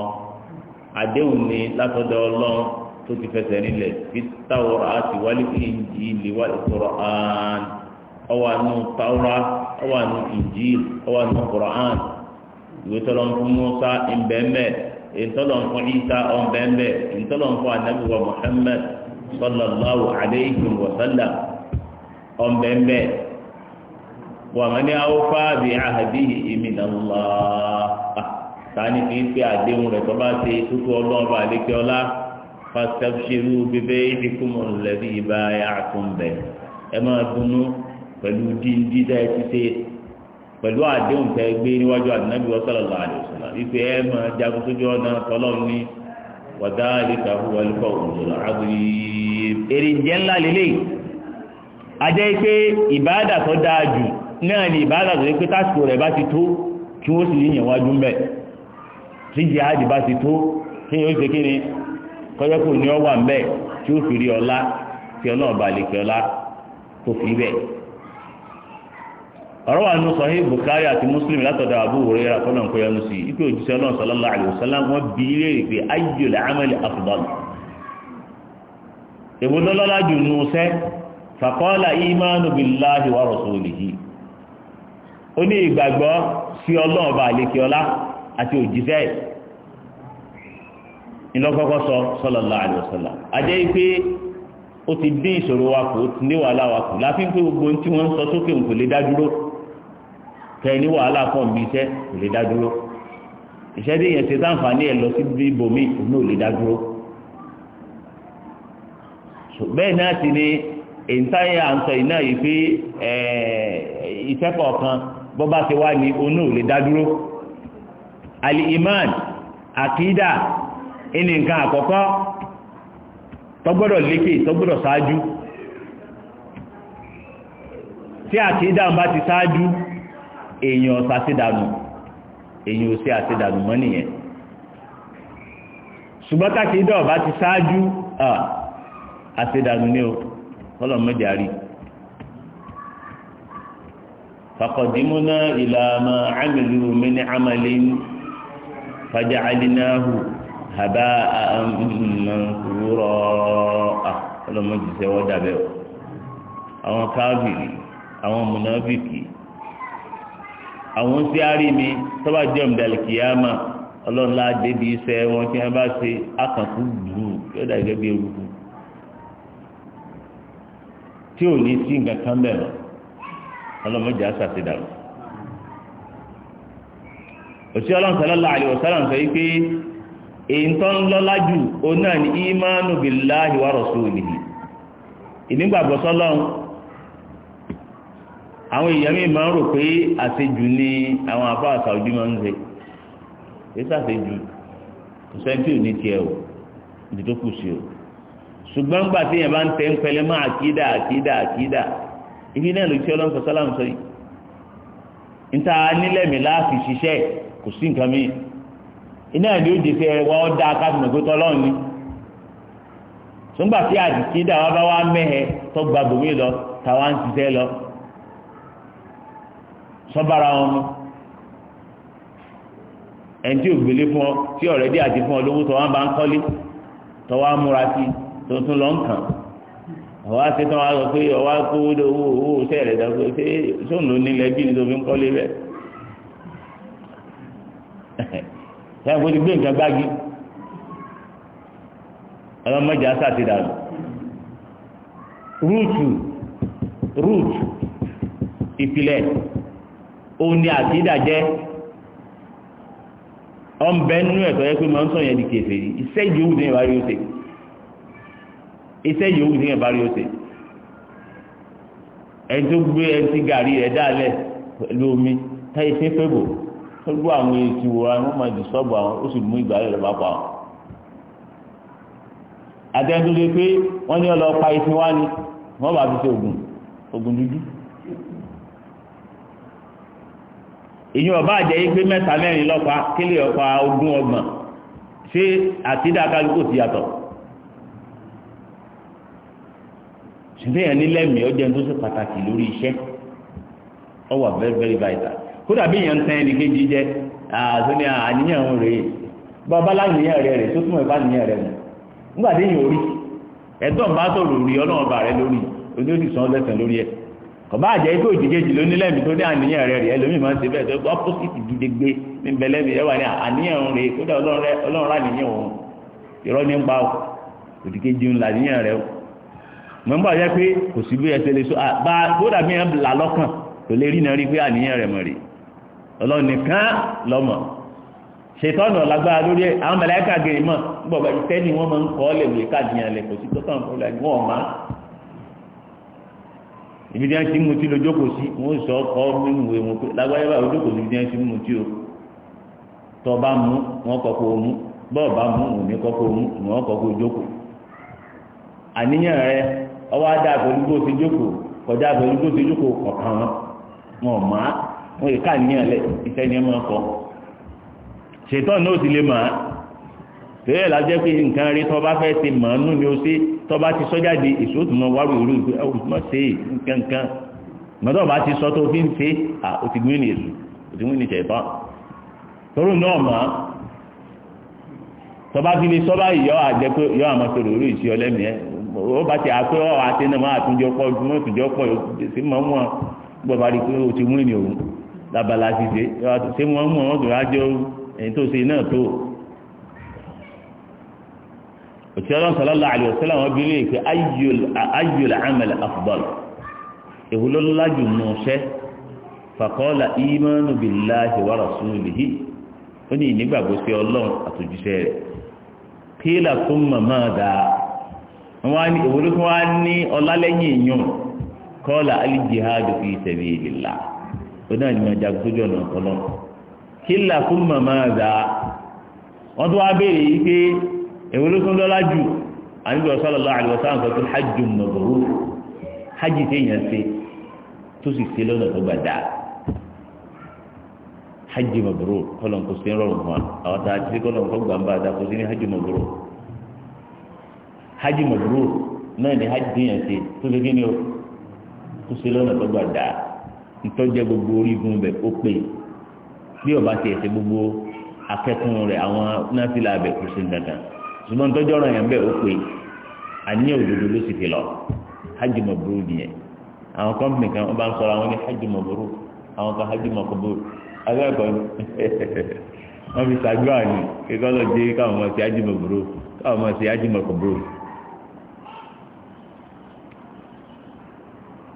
A: àdéhùn ni látọ̀dọ̀ ọlọ́run tó ti fẹsẹ̀ nílẹ̀ fi tawrati wal injili wal qur'an ọwọ́ àánú tawra ọwọ́ àánú injil ọwọ́ àánú qur'an ìwé tọ́lọ́ fún Musa ìbẹ́mẹ́ ìtọ́lọ́ fún Isa ọ̀bẹ́mẹ́ ìtọ́lọ́ fún anabi wa Muhammad sallallahu alayhi wa sallam ọ̀bẹ́mẹ́ wà wọn ni awo fáàbì ahadihi ìmìnàlá tani kì í pé àdéhùn rẹ̀ tó bá ṣe tuntun ọlọ́run bá lékè ọlá fastabshiru bíbẹ́ ìdíkùmọ̀ lẹ́bí ẹ máa dùnnú pẹ̀lú díndín dá ẹ ti ṣe pẹ̀lú àdéhùn tẹ́ gbé níwájú àdínábì sallallahu alaihi wasallam wípé ẹ máa jagun sójú ọ̀nà tọ́lọ́run ní wàdá ìdíkàfù wọlékọ̀ òjòlá àbúrí eré jẹ́ ńlá lélẹ̀ ajẹ́ pé ìbáàdà tó dáa jù náà ni ìbáàdà tó yẹ pé tásìkò rẹ̀ bá ti tó kí wọ́n sì yíyan wájú mbẹ́ tí jihadi bá ti tó kí yóò ṣe kí ni kò ní ọ wà mbẹ́ tí ó fi rí ọlá tí ọlọ́ọ̀bà ọ̀rọ̀ wà nínú sọ̀hí Bukhari àti Muslim látọ̀dọ̀ Abu Hurairah kọ́nà ń kóyọ́nu sí i ipe òjíṣẹ́ ọlọ́run sallallahu alaihi wọn bí ilé ìpè ayyul amali afdal èwo lọ́lọ́lá jù nù sẹ́ faqala imanu billahi wa rasulihi ó ní ìgbàgbọ́ sí ọlọ́run àlekè ọlá àti òjíṣẹ́ wa kù ti ní wàhálà wa kù láfi ń pé gbogbo ohun tí wọ́n ń sọ sókè lè tẹni wàhálà kan bí iṣẹ́ kò lè dá dúró iṣẹ́ tí yẹn ṣe sáǹfààní ẹ̀ lọ sí ibòmíì òun náà lè dá dúró bẹ́ẹ̀ náà sì ni èntàyè àǹsọ iná yìí pé iṣẹ́ kọ̀ọ̀kan bó bá ti wá ní òun náà lè dá dúró ali iman akida ẹni nǹkan àkọ́kọ́ tọ́gbọ́dọ̀ lékè tọ́gbọ́dọ̀ ṣáájú tí akida ń bá ti ṣáájú èèyàn ọ̀sà àtidànù èèyàn ò sí àtidànù mọ́ nìyẹn ṣùgbọ́n táàkì ìdọ̀ bá ti ṣáájú àtidànù ni o ọlọ́mọdé àrí fàkọ̀dìmúná ìlàmà àmìlú mẹ́ni àmàlẹ́ fàjà àdínáhù àbá àmàlúrọ̀ ọlọ́mọdé ṣẹ́wọ́ dàbẹ̀ àwọn káàbìrì àwọn mùnàbìkì àwọn tí a rí mi tọ́ba jẹ́ ọ̀mdàlì kìyàmà débi iṣẹ́ wọn tí wọ́n bá ṣe gbùrù bí eruku tí ò ní sí nǹkan kan bẹ̀rẹ̀ ọlọ́mọdé òsì èyí tó ń lọ́lá jù náà ìmánu àwọn èèyàn mi máa ń rò pé àṣejù ni àwọn àbá àṣàjù máa ń ṣe èyí ṣàṣejù sẹ́ńtì ò ní tiẹ̀ o ìdí tó kù sí o ṣùgbọ́n gbà tí yẹn bá ń tẹ́ ń pẹlẹ́ mọ́ àkídà àkídà àkídà ibi náà ló ti ọlọ́run sọ sálàmù sọ yìí níta nílẹ̀mí láàfin ṣiṣẹ́ kò sí nǹkan mi iná ìdí ó jẹ́ fẹ́ wá ọ́ dá akáfìmọ̀ pé tọ́lọ́run ni ṣùgbọ́n gbà tí àkídà wa bá wá mẹ́hẹ sọ́bára wọn mu ẹni tí ògbélé fún ọ tí ọ̀rẹ́ dí àti fún ọ lówó tọ́ wọn bá ń kọ́lé tọ́ wọn múra sí tuntun lọ́n kàn ọwọ́ àti tọ́ wọn sọ pé ọwọ́ kó owó owó sẹ́ẹ̀rẹ̀ dàgbé pé sóun ló nílẹ̀ bí ni tó fi ń kọ́lé bẹ́ẹ̀ sẹ́yìn kó ti gbé nǹkan gbági ọlọ́mọdé asá ti dànù rúùtù rúùtù ìpìlẹ̀ òun ni àkídà jẹ́ ọ̀nbẹ nínú ẹ̀tọ́ yẹ pé máa ń sọ yẹn di kèfèrí iṣẹ́ yòówù ní ìbárí òsè iṣẹ́ yòówù ní ìbárí òsè ẹni tó gbé ẹni tí gàrí rẹ̀ dálẹ̀ pẹ̀lú omi táyé sí fébò tó gbọ́ àwọn èsì wò ra wọ́n máa dì sọ́ọ̀bù àwọn ó sì mú ìgbàlẹ̀ lọ́ba pa wọn. àtẹnudọ́ pé wọ́n ní ọlọ́pàá ìfin wá ní wọ́n bá fi ṣe ògùn ògùn dúdú ìyún ọba àjẹ́ yí pé mẹ́ta mẹ́rin lọ́pa kílè ọ̀pá ogún ọgbọ̀n ṣé àtidá kálukú ti yàtọ̀ ṣùgbọ́n yẹn nílẹ̀mí ọjọ́ tó ṣe pàtàkì lórí iṣẹ́ ọ wà very very vital kódà bí yẹn ń tẹ́ ẹni kéjì jẹ́ àtúnyà àníyàn rèé bàbá láníyàn rẹ̀ rẹ̀ tó túnmọ̀ ìbá níyàn rẹ̀ mọ̀ nígbà tí yìí orí ẹ̀dọ́n bá sọ̀rọ̀ rí ọlọ́run bá rẹ̀ lórí ojú ìsàn ọba àjẹ́ ikú òjìjẹ́jì ló nílẹ̀ mi tó ní àníyàn rẹ̀ rí ẹlòmíì máa ń ṣe bẹ́ẹ̀ tó ọ́pọ́sìtì gidigbe ní ẹwà ní àníyàn rẹ̀ tó ọlọ́run òun ní ń o mọ̀ ń bọ̀ jẹ́ pé kò sí bí ẹsẹ̀ lè so là lọ́kàn kò lè rí náà rí pé àníyàn rẹ̀ mọ̀ ọlọ́run nìkan ṣètọ́nù lórí àwọn mẹ̀lẹ́kà mọ̀ ibi tí wọ́n ti ń mutí lọ jókòó sí wọ́n sọ kọ́ nínú ìwé wọn pé lágbáyé báyìí ojókòó sí ibi tí wọ́n ti ń mutí o tọ́ bá mú wọn kọ́kọ́ mú bọ́ọ̀ bá mú òní kọ́kọ́ mú wọn kọ́kọ́ jókòó àníyàn rẹ ọwọ́ adá pẹ̀lú bó ti jókòó kọjá pẹ̀lú bó ti jókòó kọ̀ọ̀kan wọn mọ̀ á wọn yìí káàníyàn lẹ iṣẹ́ ni ẹ máa kọ́ ṣètọ́ náà ti lè mọ̀ á tẹ́lẹ̀ lájẹ́ pé nǹkan rí tọ́ bá fẹ́ ti mọ̀ ọ́nú ni ó ṣe é tọba ti sọ jáde èso tó mọ wárò ìlú ìgbé ọ mọ sí nkankan mọtò ọba ti sọ tó fi ń ṣe à ó ti gbé ní èso ó ti gbé ní ìṣẹ̀bá torí náà mọ tọba fi lè sọ báyìí yọ àjẹ pé yọ àmọ́ sọ̀rọ̀ orí ìṣe ọlẹ́mìí ẹ ó bá ti àpé ọ àti ẹnìmọ́ àtúnjọ pọ̀ mọ́ ìtúnjọ pọ̀ sí mọ́ mọ́ gbọ́dọ̀ rí pé o ti mú ìnìyàn labala ti dé ṣé wọ́n mú ọ òtí ọlọ́run sallallahu alaihi wasallam wọn bí léèké ayyul amal afdal ìwúlọ́lájú nùṣẹ́ faqala imanu billahi wa rasulihi ó ní ìnígbàgbọ́ sí ọlọ́run àtòjíṣẹ́ rẹ̀ kílà fún màmá dáa wọ́n ní ìwúlọ́ fún wa ní ọlálẹ́yìn ìyún qala al jihadu fi sabilillah ó náà ní ma jagun sójú ọ̀nà ọlọ́run kílà fún màmá dáa wọ́n tún wá béèrè yìí pé èwo ló tún lọ́lá jù àníbi sallallahu alaihi wasallam sọ pé hajjun mabrur hajj téèyàn ṣe tó sì ṣe lọ́nà tó gbà dáa hajj mabrur kọ́lọ̀ kò sí rọrùn fún wa àwọn tá a ti kọ́lọ̀ gbà ń bá a kò sí ní náà ni o lọ́nà tó gbà gbogbo ọba ti gbogbo rẹ̀ àwọn náà ti là bẹ̀ kò ṣùgbọ́n tọ́jú ọ̀rọ̀ yẹn bẹ́ẹ̀ ó pé àní òdodo ló sì fi lọ hajj mọ̀búrú nìyẹn àwọn kọ́mpìnì kan wọ́n bá ń sọ̀rọ̀ àwọn ní hajj mọ̀búrú àwọn kan hajj mọ̀kúbúrú akẹ́kọ̀ọ́ wọ́n fi ṣàdúrà ní kíkọ́ lọ dé káwọn ọmọ sí hajj mọ̀búrú káwọn ọmọ sí hajj mọ̀kúbúrú.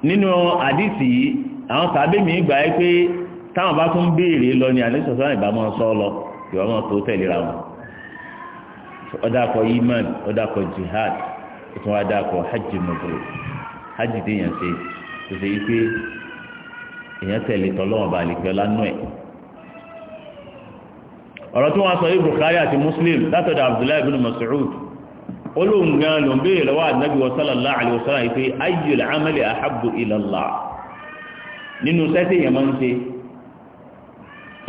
A: nínú àdìsí àwọn sàbẹ̀ mi gbà é pé táwọn bá tún béèrè lọ ní àdìsọ̀sọ́ ìbámu sọ lọ ìwà máa tó tẹ̀léra wọn ọdakọ iman ọdakọ jihad ọtún ọdakọ hajj mọbúrò hajj tí èèyàn ṣe tó ṣe yí pé èèyàn tẹ̀lé tọ́lọ́wọ́n bá àlèkè ọlá nú ẹ̀. ọ̀rọ̀ tí wọ́n sọ yìí Bukhari àti Muslim látọ̀dọ̀ Abdullahi bin Mas'ud olóhùn gan ló ń béèrè lọ́wọ́ ànábì wa sallallahu alayhi wa sallam yìí pé ayyul amali ahabbu ila Allah nínú sẹ́tì èèyàn máa ń ṣe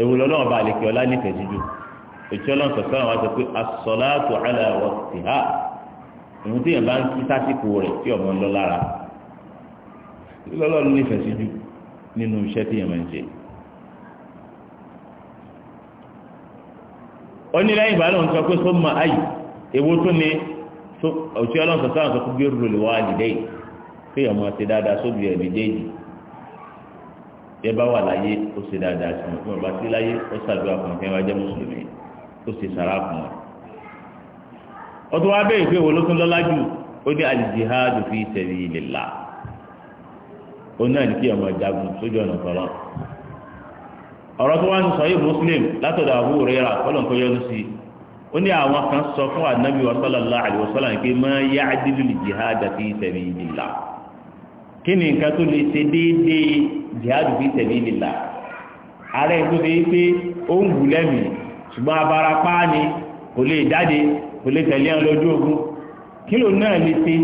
A: èwòlọ́lọ́wọ́n bá àlèkè ọlá nífẹ̀ẹ́ ètò ọlọ́run sọ̀tọ́ àwọn sọ pé asọ̀láàtò àlà wọ́ọ̀tì ha ìwọ́n tí yẹn bá ń kí sásìkò rẹ̀ tí ọmọ lọ lára lọ́lọ́run nífẹ̀ẹ́ sí jù nínú iṣẹ́ tí yẹn máa ń ṣe. ó ní sọ pé sọ ayì èwo tó ni òtí ọlọ́run sọ̀tọ́ àwọn sọ pé gbérù wá àdìdẹ́ yìí pé ọmọ ti dáadáa sóbì ẹ̀ méjèèjì yẹ bá wà láyé ó ṣe dáadáa sí wọn fún sí láyé ó ṣàdúrà fún ọkẹ́ wájẹ́ mùsùlùmí. ó sì sàrà fún wọn. ọtún wa bẹ́ẹ̀ pé wo ló tún lọ́lá jù ó ní fi sabilillah ó náà ní kí ọmọ jagun sójú ọ̀nà tọ́lọ́ ọ̀rọ̀ tó wá ń sọ yìí Muslim látọ̀dọ̀ Abu Hurairah kọ́lọ̀ nǹkan yọnu sí i ó ní àwọn kan sọ fún anabi wa sallallahu fi kí ni nǹkan tó lè ṣe jihadu fi ààrẹ tó ṣùgbọ́n abara ni kò lè jáde kò lè tẹ̀lé ẹ lójú ogun kílò náà lè ṣe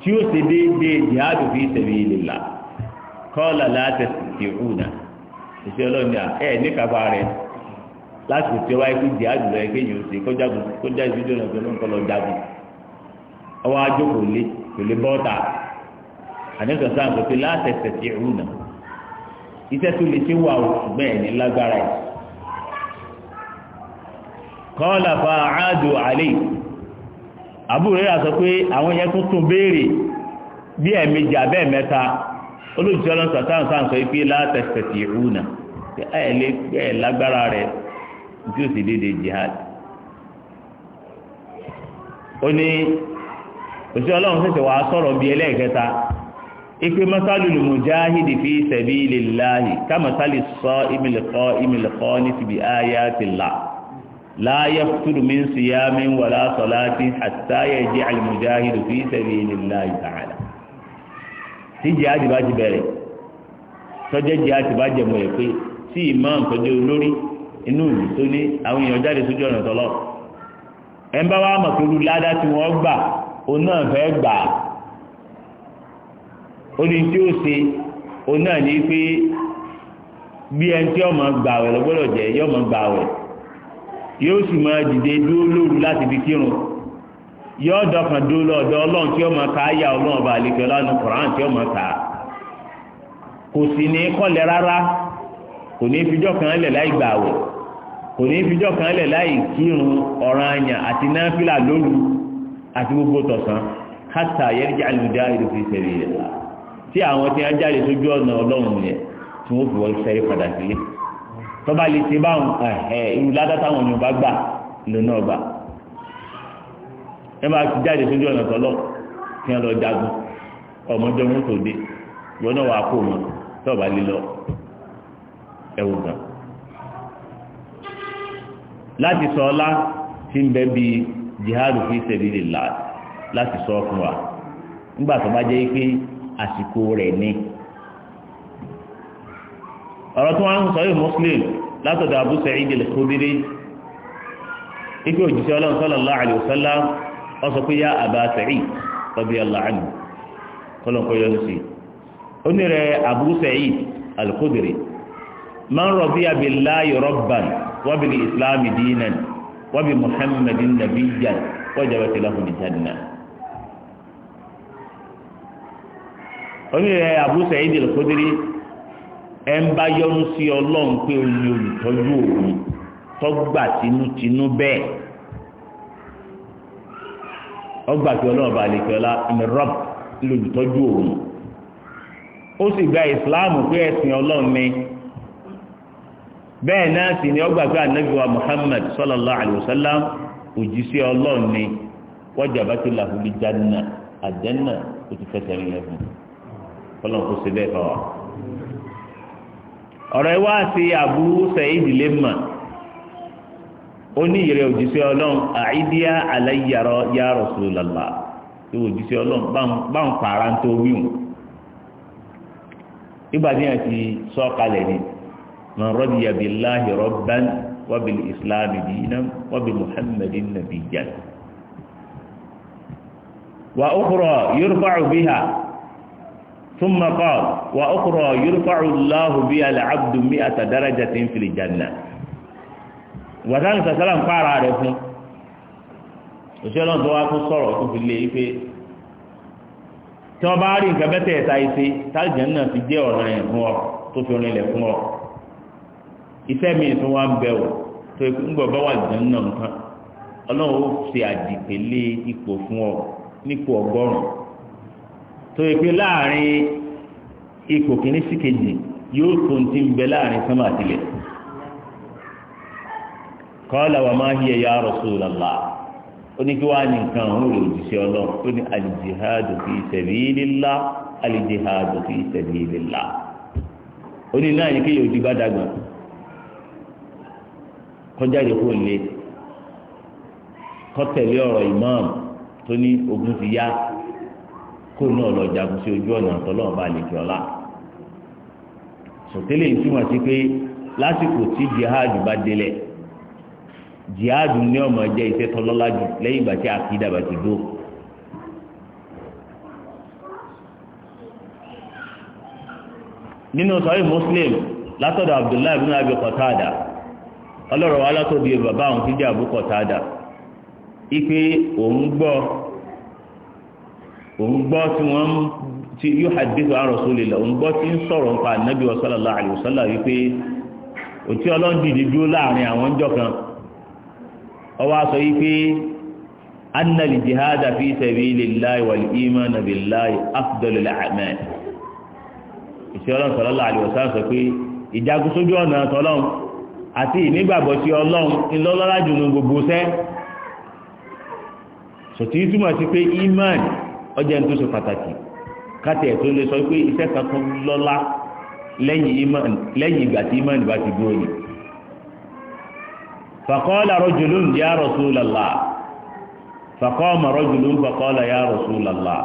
A: tí ó ṣe déédéé jihadu fi sabilillah kọ́ọ̀lá látẹ̀sí ìrúnà ìṣẹ́ ọlọ́ọ̀ni ẹ̀ ní kaba rẹ̀ lásìkò tí ó wáyé pé jihadu lọ ẹgbẹ́ ó ṣe kọjá kọjá ìdíjọ́ náà tó ń kọ́ lọ jagun ọwọ́ ajó kò lé kò lé bọ́ọ̀tà àníkàn sáà kò pé látẹ̀sí ìrúnà iṣẹ́ tó lè ṣe wà ó ṣùgbọ́n ẹ̀ ní kọ́ọ̀lá fa àádò àlè àbúrò rẹ̀ sọ pé àwọn yẹn tún tún béèrè bí ẹ̀ẹ̀mejì abẹ́ mẹ́ta olóòjì ọlọ́run sàtàn sàn sọ pé látẹ̀sẹ̀tì ìrúnà ẹ̀ lé ẹ̀ lágbára rẹ̀ tí ó sì dédé jihad ó ní òṣìṣẹ́ ọlọ́run ṣẹ̀ṣẹ̀ wàá sọ̀rọ̀ bíi ẹlẹ́ẹ̀kẹta ipe masalul mujahidi fi sabilillahi ká masali sọ ìmìlẹ̀kọ́ ìmìlẹ̀kọ́ ní ti bi la yaftudu min siyamin wala salatin hatta yaji almujahidu fi sabilillahi ta'ala tí jihadi si ji bẹ̀rẹ̀ sọ́jẹ́ jihadi bá jẹ mọ̀ ẹ̀ pé tí si tọ́jú olórí olori ìlú tó ní àwọn èèyàn jáde sójú ọ̀nà tọ́lọ́ ẹ̀ ń wa mọ̀ pẹ̀lú ládá tí wọ́n gbà òun náà fẹ́ gbà ó ní tí ó ṣe òun náà yóò sì máa dìde dúró lóru láti fi kírun yóò dọkàn dúró lọ́dọ̀ ọlọ́run tí ó máa ka ayé ọlọ́run ọba àlejò ọlọ́run kọ̀ọ̀rán tí ó máa kà á kò sì ní kọ́lẹ̀ rárá kò ní fijọ́ kan lẹ̀ láì gbà wẹ̀ kò ní fijọ́ kan lẹ̀ láì kírun ọ̀ràn àyàn àti náfìlà lóru àti gbogbo tọ̀sán hátà yẹ́rìjà àlùdá ìrùfẹ́ sẹ́rí rẹ̀ tí àwọn tí wọ́n jáde sójú ọ̀nà ọlọ́run yẹn tí wọ́n fi wọ́n sẹ́rí padà sílé. tọ́ba lè ṣe báwọn irú ládàtà àwọn èèyàn bá gbà ẹ máa jáde sójú ọ̀nà tọ́lọ̀ kí wọ́n lọ jagun ọmọdé wọn tó dé wọn náà wàá kó wọn jihadu fi láti sọ fún wa nígbà tó bá jẹ́ pé àsìkò ni ọ̀rọ̀ tí wọ́n ń Muslim látọ̀dọ̀ Abu Sa'id al-Khudri ike òjíṣẹ́ ọlọ́run sallallahu alaihi wasallam ó sọ pé yá Aba Sa'id radiyallahu anhu kọ́lọ́kọ́ yọ ní sí i ó ní rẹ̀ Abu Sa'id al-Khudri man radiya billahi rabban wa bil islami dinan wa bi muhammadin nabiyyan wajabat lahu al-janna ó ní ẹ ń bá yọ́nú sí ọlọ́run pé o ní olùtọ́jú òun tọ́gbà tinútinú bẹ́ẹ̀ ọgbà tí ọlọ́run bá lè kẹ́lá ìmíràn lòlùtọ́jú òun ó sì gba ìsìláàmù pé ẹ̀sìn ọlọ́run ni bẹ́ẹ̀ náà sì ni ọgbà pé ànábì wa Muhammad sallallahu alayhi wa sallam òjíṣẹ́ ọlọ́run ni wajabatu lahu bil janna àjẹ́nà ó ti fẹsẹ̀ rìn lẹ́fún ọlọ́run kò sí bẹ́ẹ̀ fọwọ́ ọ̀rọ̀ ẹ wá sí Abu Sa'id lẹ́mà ó ní ìrẹ̀ òjíṣẹ́ ọlọ́run àìdíyà aláyàrọ̀ ya Rasulullah tó òjíṣẹ́ ọlọ́run bá ń pààrà tó wíwùn nígbà tí yẹn ti sọ kalẹ̀ ni man radiya billahi rabban wa bil islami dinan wa bi muhammadin nabiyyan wa ukhra yurfa'u biha. ثم قال وأخرى يرفع الله بها العبد مئة درجة في الجنة وذلك سلام قال عارفه òṣèlú tó wá tó sọ̀rọ̀ tó fi lé bá rí nǹkan bẹ́tẹ̀ ẹ̀ta ife tájẹ̀ náà fi jẹ́ ọ̀rọ̀ rẹ̀ fún ọ tó fi orin lẹ̀ fún ọ iṣẹ́ mi tó wá ń bẹ̀ wò tó ń wà jẹ́ náà nǹkan ọlọ́run ó ṣe àdìpẹ̀lẹ́ ipò fún ọ nípò ọgọ́rùn-ún tó yẹ pé láàrin ipò kìíní sí kejì yóò tó ti ń bẹ láàrin sánmà àtìlẹ̀ kọ́lá wa máa hiya ya Rasulullah ó ní kí wàá ní nǹkan òun rè òjìṣẹ́ ọlọ́run ó ní al-jihadu fi sabilillah al-jihadu fi sabilillah ó ní náà ní kí yóò ti bá dàgbà kọjá ìdókòwò lé kọ́tẹ̀lé ọ̀rọ̀ ìmáàmù tó ní ogun ti yá kó náà lọ jagun sí ojú ọ̀nà àtọ́lọ́wọ́n bá lè fi ọ̀la sọtẹ́lẹ̀ ń túmọ̀ sí pé lásìkò tí jihad bá délẹ̀ jihad ní ọmọ jẹ́ iṣẹ́ tọ́lọ́lá jù lẹ́yìn ìgbà tí akídà bá ti dó. nínú sọ́yìn muslim látọ̀dọ̀ abdullahi bin abi ọlọ́rọ̀ abu òun gbọ́ tí wọ́n ti yóò hadith an rasulillah òun gbọ́ tí ń sọ̀rọ̀ nípa anabi wa sallallahu alayhi wa sallam wípé òtí ọlọ́run dìde dúró láàrin àwọn ọjọ́ kan ọwọ́ aṣọ yìí pé annali jihada fi sabilillahi wal iman billahi afdalul a'mal òtí ọlọ́run sallallahu alayhi wa sallam sọ pé ìjagun sójú ọ̀nà tọ́lọ́run àti ìnígbàgbọ́ sí ọlọ́run ńlọ́lọ́lá jùlọ gbogbo sẹ́ sọ̀tì túmọ̀ sí pé iman ọjà ní tó ṣe pàtàkì káàtì ẹ̀tọ́ lè sọ pé iṣẹ́ kan tó lọ́lá lẹ́yìn ìgbà tí imáàlì bá ti dúró ni. faqala rajulun ya rasulallah faqama rajulun faqala ya rasulallah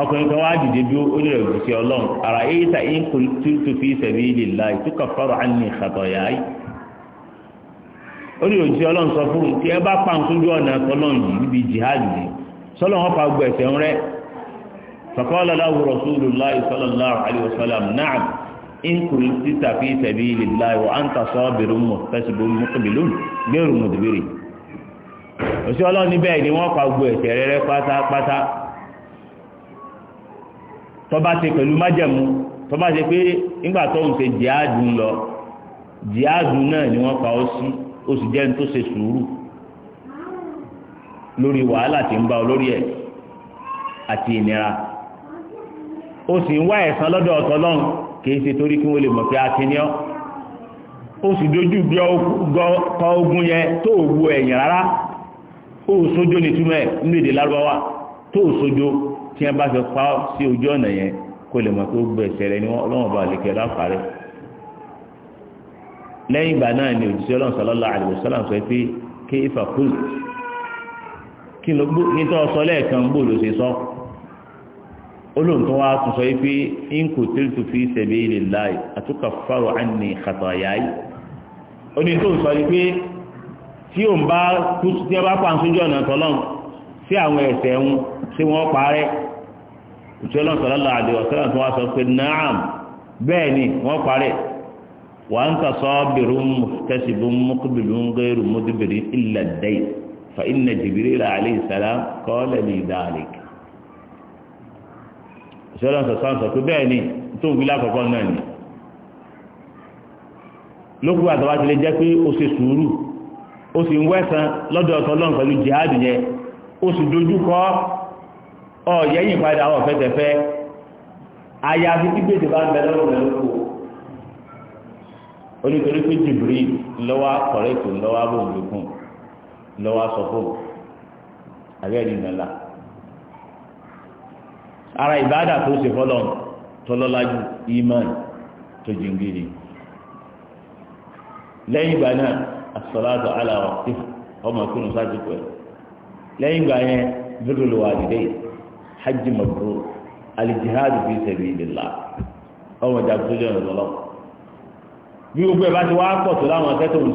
A: ọkùnrin kan wá dìde bí ó lè rẹ̀ sí ọlọ́run ara èyí ta in kuntu fi sabilillahi tukaffaru anni khatayayi ó lè rẹ̀ sí ọlọ́run sọ fún un tí ẹ bá pa nǹkan bí ọ̀nà ọlọ́run yìí níbi jihad yìí sọ́lọ́ wọn fa gbọ́ ẹ̀sẹ̀ ń rẹ́ faqala lahu rasulullahi sallallahu alayhi wa sallam na'am in fi sabilillahi wa anta sabirun muhtasibun muqbilun ghayru mudbir òsì ọlọ́run níbẹ̀ ni wọ́n fa gbọ́ ẹ̀sẹ̀ rẹ́rẹ́ pátápátá tọ́ba ṣe pẹ̀lú májẹ̀mú tọ́ba pé nígbà tó ń ṣe lọ náà ni wọ́n fa sí ó sì jẹ́ ní tó ṣe sùúrù lórí wàhálà tí ń bá olórí ẹ̀ àti ìnira ó sì ń wá ẹ̀san lọ́dọ̀ ọ̀tọ́lọ́run kìí ṣe torí kí wọ́n lè mọ̀ pé a ti ní ọ́ ó sì dojú bí ọkọ̀ ogun yẹn tó wo ẹ̀yìn rárá ó sójó ní túmọ̀ ẹ̀ nínú èdè lárúbáwá tó sójó tí wọ́n bá fi pa ọ́ sí ojú ọ̀nà yẹn kó lè mọ̀ pé ó gbọ́ ẹ̀ṣẹ̀ ni wọ́n ọlọ́wọ́n bá lè kẹ́ láǹfààrẹ́ lẹ́yìn ìgbà náà ni òjíṣẹ́ ọlọ́run sallallahu alaihi wasallam sọ pé kéfà kúlù
B: kí ló gbó nítorí ọsọ lẹ́ẹ̀kan gbó ló ṣe sọ olóńtọ́ wa tún sọ yìí pé in qutiltu fi sabilillahi
A: atukaffaru anni khatayayi ó ní tó ń sọ yìí pé tí ò ń bá kú tí ẹ bá pa àǹsójú ọ̀nà tọ́lọ́n sí àwọn ẹ̀ṣẹ̀ ń ṣé wọ́n parẹ́ òṣèlú sallallahu alaihi wasallam tó wá sọ pé naam bẹ́ẹ̀ ni wọ́n parẹ́ wa anta sabirun muhtasibun muqbilun ghayru mudbirin illa ad-dayn فإن جبريل عليه السلام قال لي ذلك sọ́lá sọ̀sán sọ bẹ́ẹ̀ ni tó wí lákọ̀ọ́kọ́ náà ni lókùn àtàwà ti lè jẹ́ pé ó ṣe sùúrù ó sì ń wẹ́sàn lọ́dọ̀ ọ̀tọ́lọ́n pẹ̀lú jihadi yẹn ó sì dojúkọ ọ̀yẹ́yìn padà ọ̀fẹ́tẹ̀fẹ́ àyàfi tí lọ́wọ́ aṣọ fóònù àbẹ́ẹ̀rí ìnàlá ara ìbáàdà tó ṣe fọ́lọ́ tọ́lọ́lájú iman tó jìngìrì lẹ́yìn ìgbà náà asọ́láàtọ̀ aláwọ̀ tí ọmọ ìkúnnù sáàtìkù ẹ̀ lẹ́yìn ìgbà yẹn birrul walidayn hajj mabrur alijihadu fi sabilillah ọmọ ìjà tó jẹ́ ọ̀nà lọ́wọ́ bí gbogbo ẹ̀ bá ti wá pọ̀ tó láwọn akẹ́tọ̀ ń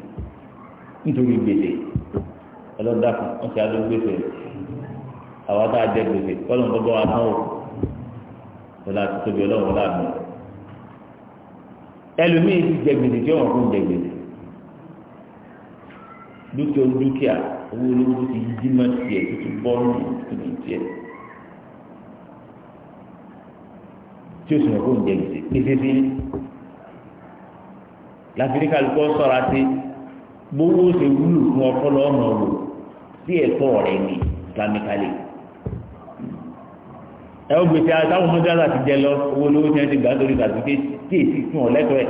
A: nítorí gbèsè ọlọ́dàkùn wọ́n ti adó gbèsè àwọn tá a jẹ gbèsè kọ́lọ̀ ń bọ́ wa tán o ọ̀la ti tóbi ọlọ́run láàmú ẹlòmíì ti jẹ gbèsè tí wọ́n fún jẹ gbèsè dúkìá dúkìá owó olówó ti yí dímọ̀ tiẹ̀ tó ti tuntun tiẹ̀ tí o sì mọ̀ fún jẹ gbèsè ní fífi láfíríkà lùkọ́ sọ̀rọ̀ àti gbowó ṣe wúlò fún ọpọlọ ọmọ wò sí ẹ̀kọ́ rẹ̀ ní islamically ẹ ó gbèsè àtàwọn mọdàlá ti jẹ lọ owó lówó tí wọn ti gbà lórí gàdúgbé tí èsì fún ọlẹtọ ẹ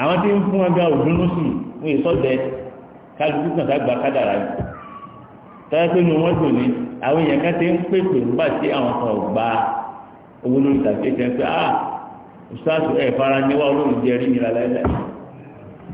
A: àwọn tí ń fún ọgá òdúnú sí wọn èso bẹ kálukú kan sàgbà kádàrà yìí tọ́yẹ́ pé ní wọ́n dùn ní àwọn èèyàn kan ti ń pèpè nígbà tí àwọn kan gba owó lórí gàdúgbé tí wọn pé ah ìṣáàtú ẹ̀ fara ní wà olóòjẹ́ rí nira láìláì.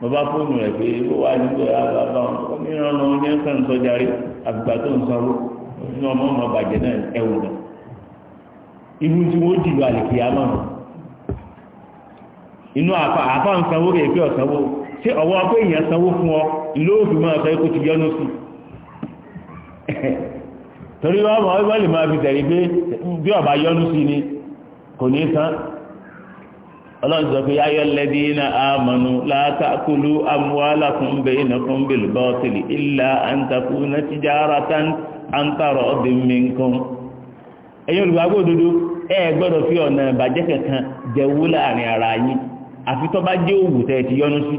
A: mo bá fóònù rẹ̀ pé ó wà nígbà yàrá bá wọn ní ah, àgbà tó ń sanwó ní ọmọ ọmọ náà náà tí náà inú rẹ̀ pé ọ̀sanwó ṣé ọwọ́ pé èèyàn sanwó fún ọ ìlú òfin máa sọ ti torí wọn lè máa fi tẹ̀lé pé bí ọba yọnu sí ni kò ní ọlọ́run sọ pé ayọ́ lẹ́bí iná àmọ́nù látàkùlù amúhálà fún bẹ́ẹ̀ iná fún bẹ́ẹ̀ bọ́ọ̀tìlì ilà àǹtakù náà ti jára tán àǹtarọ̀ ọ̀dẹ̀ mìíràn. ẹ̀yin olùgbàgbọ́ òdodo ẹ gbọ́dọ̀ fi ọ̀nà ìbàjẹ́ kankan jẹ̀wó láàrin ara yín àfi tó bá jẹ́ òwò tẹ̀ ti yọnu sí.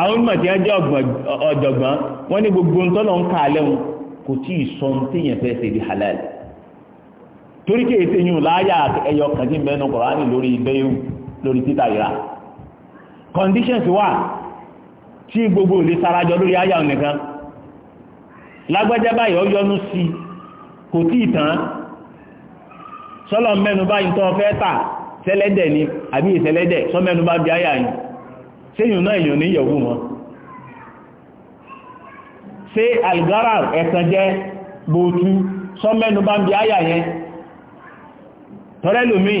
A: àwọn onímọ̀ tí wọ́n jẹ́ ọ̀jọ̀gbọ́n torí kí èsè yìí láyà ẹyọ kàdí mẹ́nu Kùránì lórí ibẹ́ yòówù lórí títà ìrà conditions wà tí gbogbo lè sarajọ lórí àyà nìkan lágbájá báyìí ó yọnu sí kò tí ì tán sọlọ mẹ́nu báyìí tó fẹ́ tà sẹlẹ́dẹ̀ ni àbí ìsẹlẹ́dẹ̀ sọ mẹ́nu bá bí àyà yìí séyìn náà èèyàn ní ìyẹ̀wò wọn ṣé algara ẹ̀sán jẹ́ sọ mẹ́nu bí àyà yẹn tọ́rẹ́lòmíì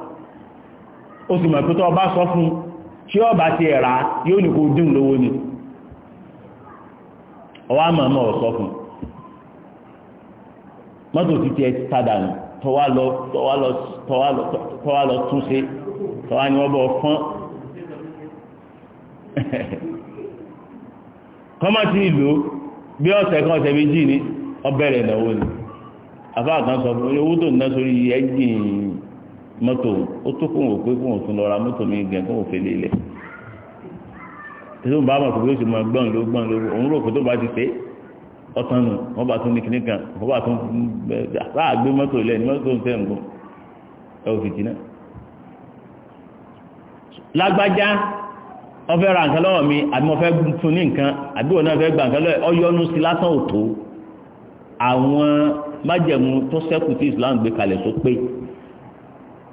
A: ó sì mọ̀ pé tó ọba sọ fún tí ọba ti ẹ̀rà yóò ní kó dín lówó ni ọwá màmá ọ̀ sọ fún mọ́tò ti tiẹ̀ padà nù tọ́wá lọ tọ́wá lọ tọ́wá lọ tún ṣe tọ́wá ni wọ́n bọ̀ fọ́n kọ́mọ̀tì ìlú bí ọ̀sẹ̀ kan ọ̀sẹ̀ méjì ni ọbẹ̀rẹ̀ ìnáwó ni àfáà kan sọ fún owó tó ná sórí ẹ́jìn mọ́tò ó tó kóhùn òpé kóhùn tún lọ ra mọ́tò mi gẹ̀ kóhùn fèlè ilẹ̀ tẹsán bá mọ̀ pé oṣù mọ̀ gbọ́n ló gbọ́n ló òun rò pé tó bá ti pé ọ̀tàn nù wọ́n bá tún ní kíní kan wọ́n bá tún láà gbé mọ́tò ilẹ̀ ní mọ́tò tẹ̀ ń gùn ẹ ò fìtì náà. lágbájá wọ́n fẹ́ ra nǹkan lọ́wọ́ mi àbí wọ́n fẹ́ fún ní nǹkan àbí wọ́n náà fẹ́ gba nǹkan lọ́wọ́ ọyọ́nu sí lásán òtó àwọn májẹ̀mú tó sẹ́kù tí Islam gbé kalẹ̀ tó pé. So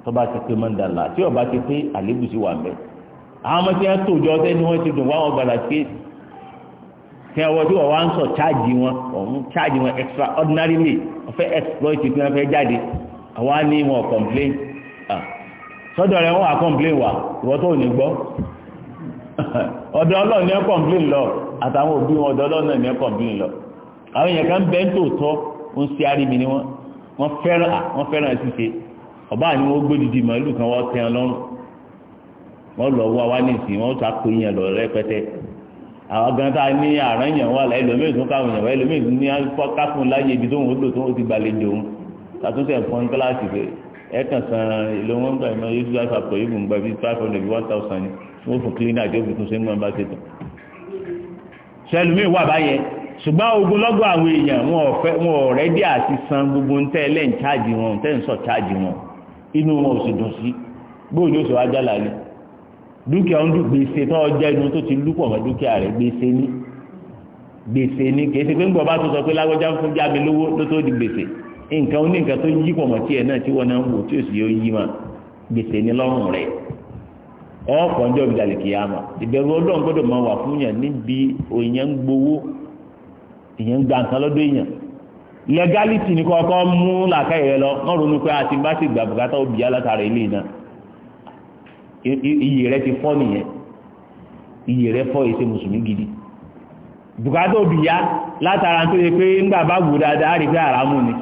A: tọ́ba ti pé mọ́ndàlá tí ọba ti pé àlébù sí wà mẹ́ àwọn ọmọ tí wọ́n tó jọ sẹ́ni wọ́n ti dùn wá wọn gbàdá pé tí wọ́n tí wọ́n wá ń sọ cháàjì wọn ọ̀hún cháàjì wọn extraordinarily wọ́n fẹ́ exploit tí wọ́n fẹ́ jáde àwa ní wọn complain sọ́dọ̀ rẹ̀ wọ́n wà complain wà ìwọ́n tó ní gbọ́ ọ̀dọ̀ ọlọ́run ní ẹ́ complain lọ àtàwọn òbí wọn ọ̀dọ̀ ọlọ́run ní ẹ́ complain lọ àwọn èèyàn kan bẹ́ẹ̀ tó tọ́ ń ṣe arìnrìn ni wọ́n fẹ́ràn ṣíṣe ọba ni wọ́n gbé didi màálù kan wọ́n tẹ́ ọ lọ́rùn wọ́n lọ wá wá nìsín wọ́n sá kó yẹn lọ rẹpẹtẹ àwọn gan tá a ní àrùn yẹn wà láì lómi ìtún káwọn yẹn wà lómi ìtún ní káfún láyé ibi tó ń lò tó ń ti gbàlejò òun tàtúntẹ̀ fún kíláàsì pé ẹ kàn san ìlú wọn gbà ìmọ̀ yóò dúdú àpò yìí fún gbàgbé five hundred one thousand ni wọ́n fún kílínà tí ó fi tún sí mọ́ bá ṣe tán. sẹ́lùmí wà báyẹn ṣùgbọ́n ogunlọ́gọ̀ àwọn èèyàn wọn ò rẹ́dí àti san gbogbo ń tẹ́ ẹlẹ́ǹ inú wọn ò sì dùn sí bóyá oṣù ajálà ni dúkìá ń dùn gbèsè tó ọjà inú tó ti lúpọ̀ mọ́ dúkìá rẹ̀ gbèsè ní gbèsè ní kìí ṣe pé ń gbọ́ bá tó sọ pé lágbájá ń fún jáde lówó ló tó di gbèsè nǹkan oní nǹkan tó yí pọ̀ mọ́ tiẹ̀ náà tí wọ́n náà ń wò tí ò sì yóò yí mà gbèsè ní lọ́rùn rẹ̀ ọ̀pọ̀ ń jọ̀bi dàlẹ́ kìí àmà ìbẹ̀rù ọlọ́run gbọ́dọ̀ máa wà fún yàn níbi òyìn ń gbowó ìyẹn ń gba nǹkan lọ́dọ̀ èèyàn lẹgálítì ní kọ́kọ́ mú làákàyè lọ náà ronú pé ti bá sì gbà bùkátà òbí alátara ilé náà iyì ti fọ́ nìyẹn iyì rẹ fọ́ èsè mùsùlùmí gidi bùkátà òbí ya látara tó yẹ pé ńgbà bá wù dáadáa rí ni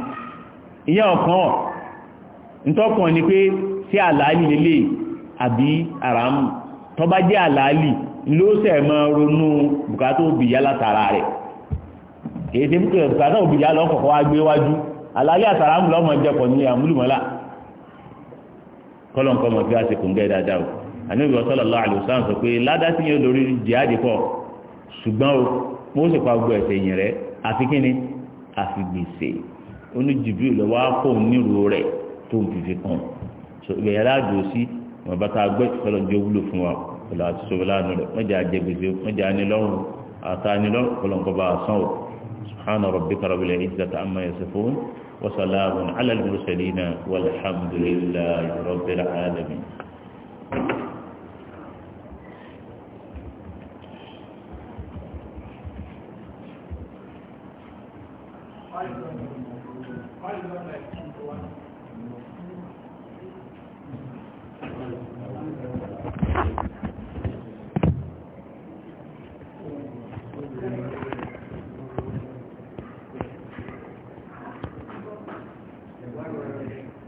A: ìyẹn ọ̀kan ni pé àlàálì lélẹ̀ àbí àlàálì ló sẹ̀ máa ronú bùkátà èyí tí gbàtà òbí yà lọ́kọ̀ọ́kọ́ wá gbé wájú àlàyé àtàràmù lọ́mọ jẹ́pọ̀ ní àmúlùmọ́lá kọ́lọ̀nkọ́mọ̀ bí a ti kùn gẹ́ dáadáa o àníbi sallallahu alaihi wasallam sọ pé ládá tí yóò lórí jihadi pọ̀ ṣùgbọ́n o mo sì pa gbogbo ẹ̀sẹ̀ yìn rẹ̀ àfi kíni àfi gbèsè oníjìbí lọ́wọ́ kó nírú rẹ̀ tó ń fìfì kàn so ibẹ̀ yàrá dùn sí wọn bá ta gbẹ́ kọ́lọ̀njẹ́ wúlò fún wa kọ́lọ̀ àti sọ́wọ́lá nù rẹ̀ mọ́jà jẹ gbèsè mọ́jà anilọ́run àtànilọ́run kọ́lọ̀nkọ́ bá a sán o سبحان ربك رب العزة عما يصفون وسلام على المرسلين والحمد لله رب العالمين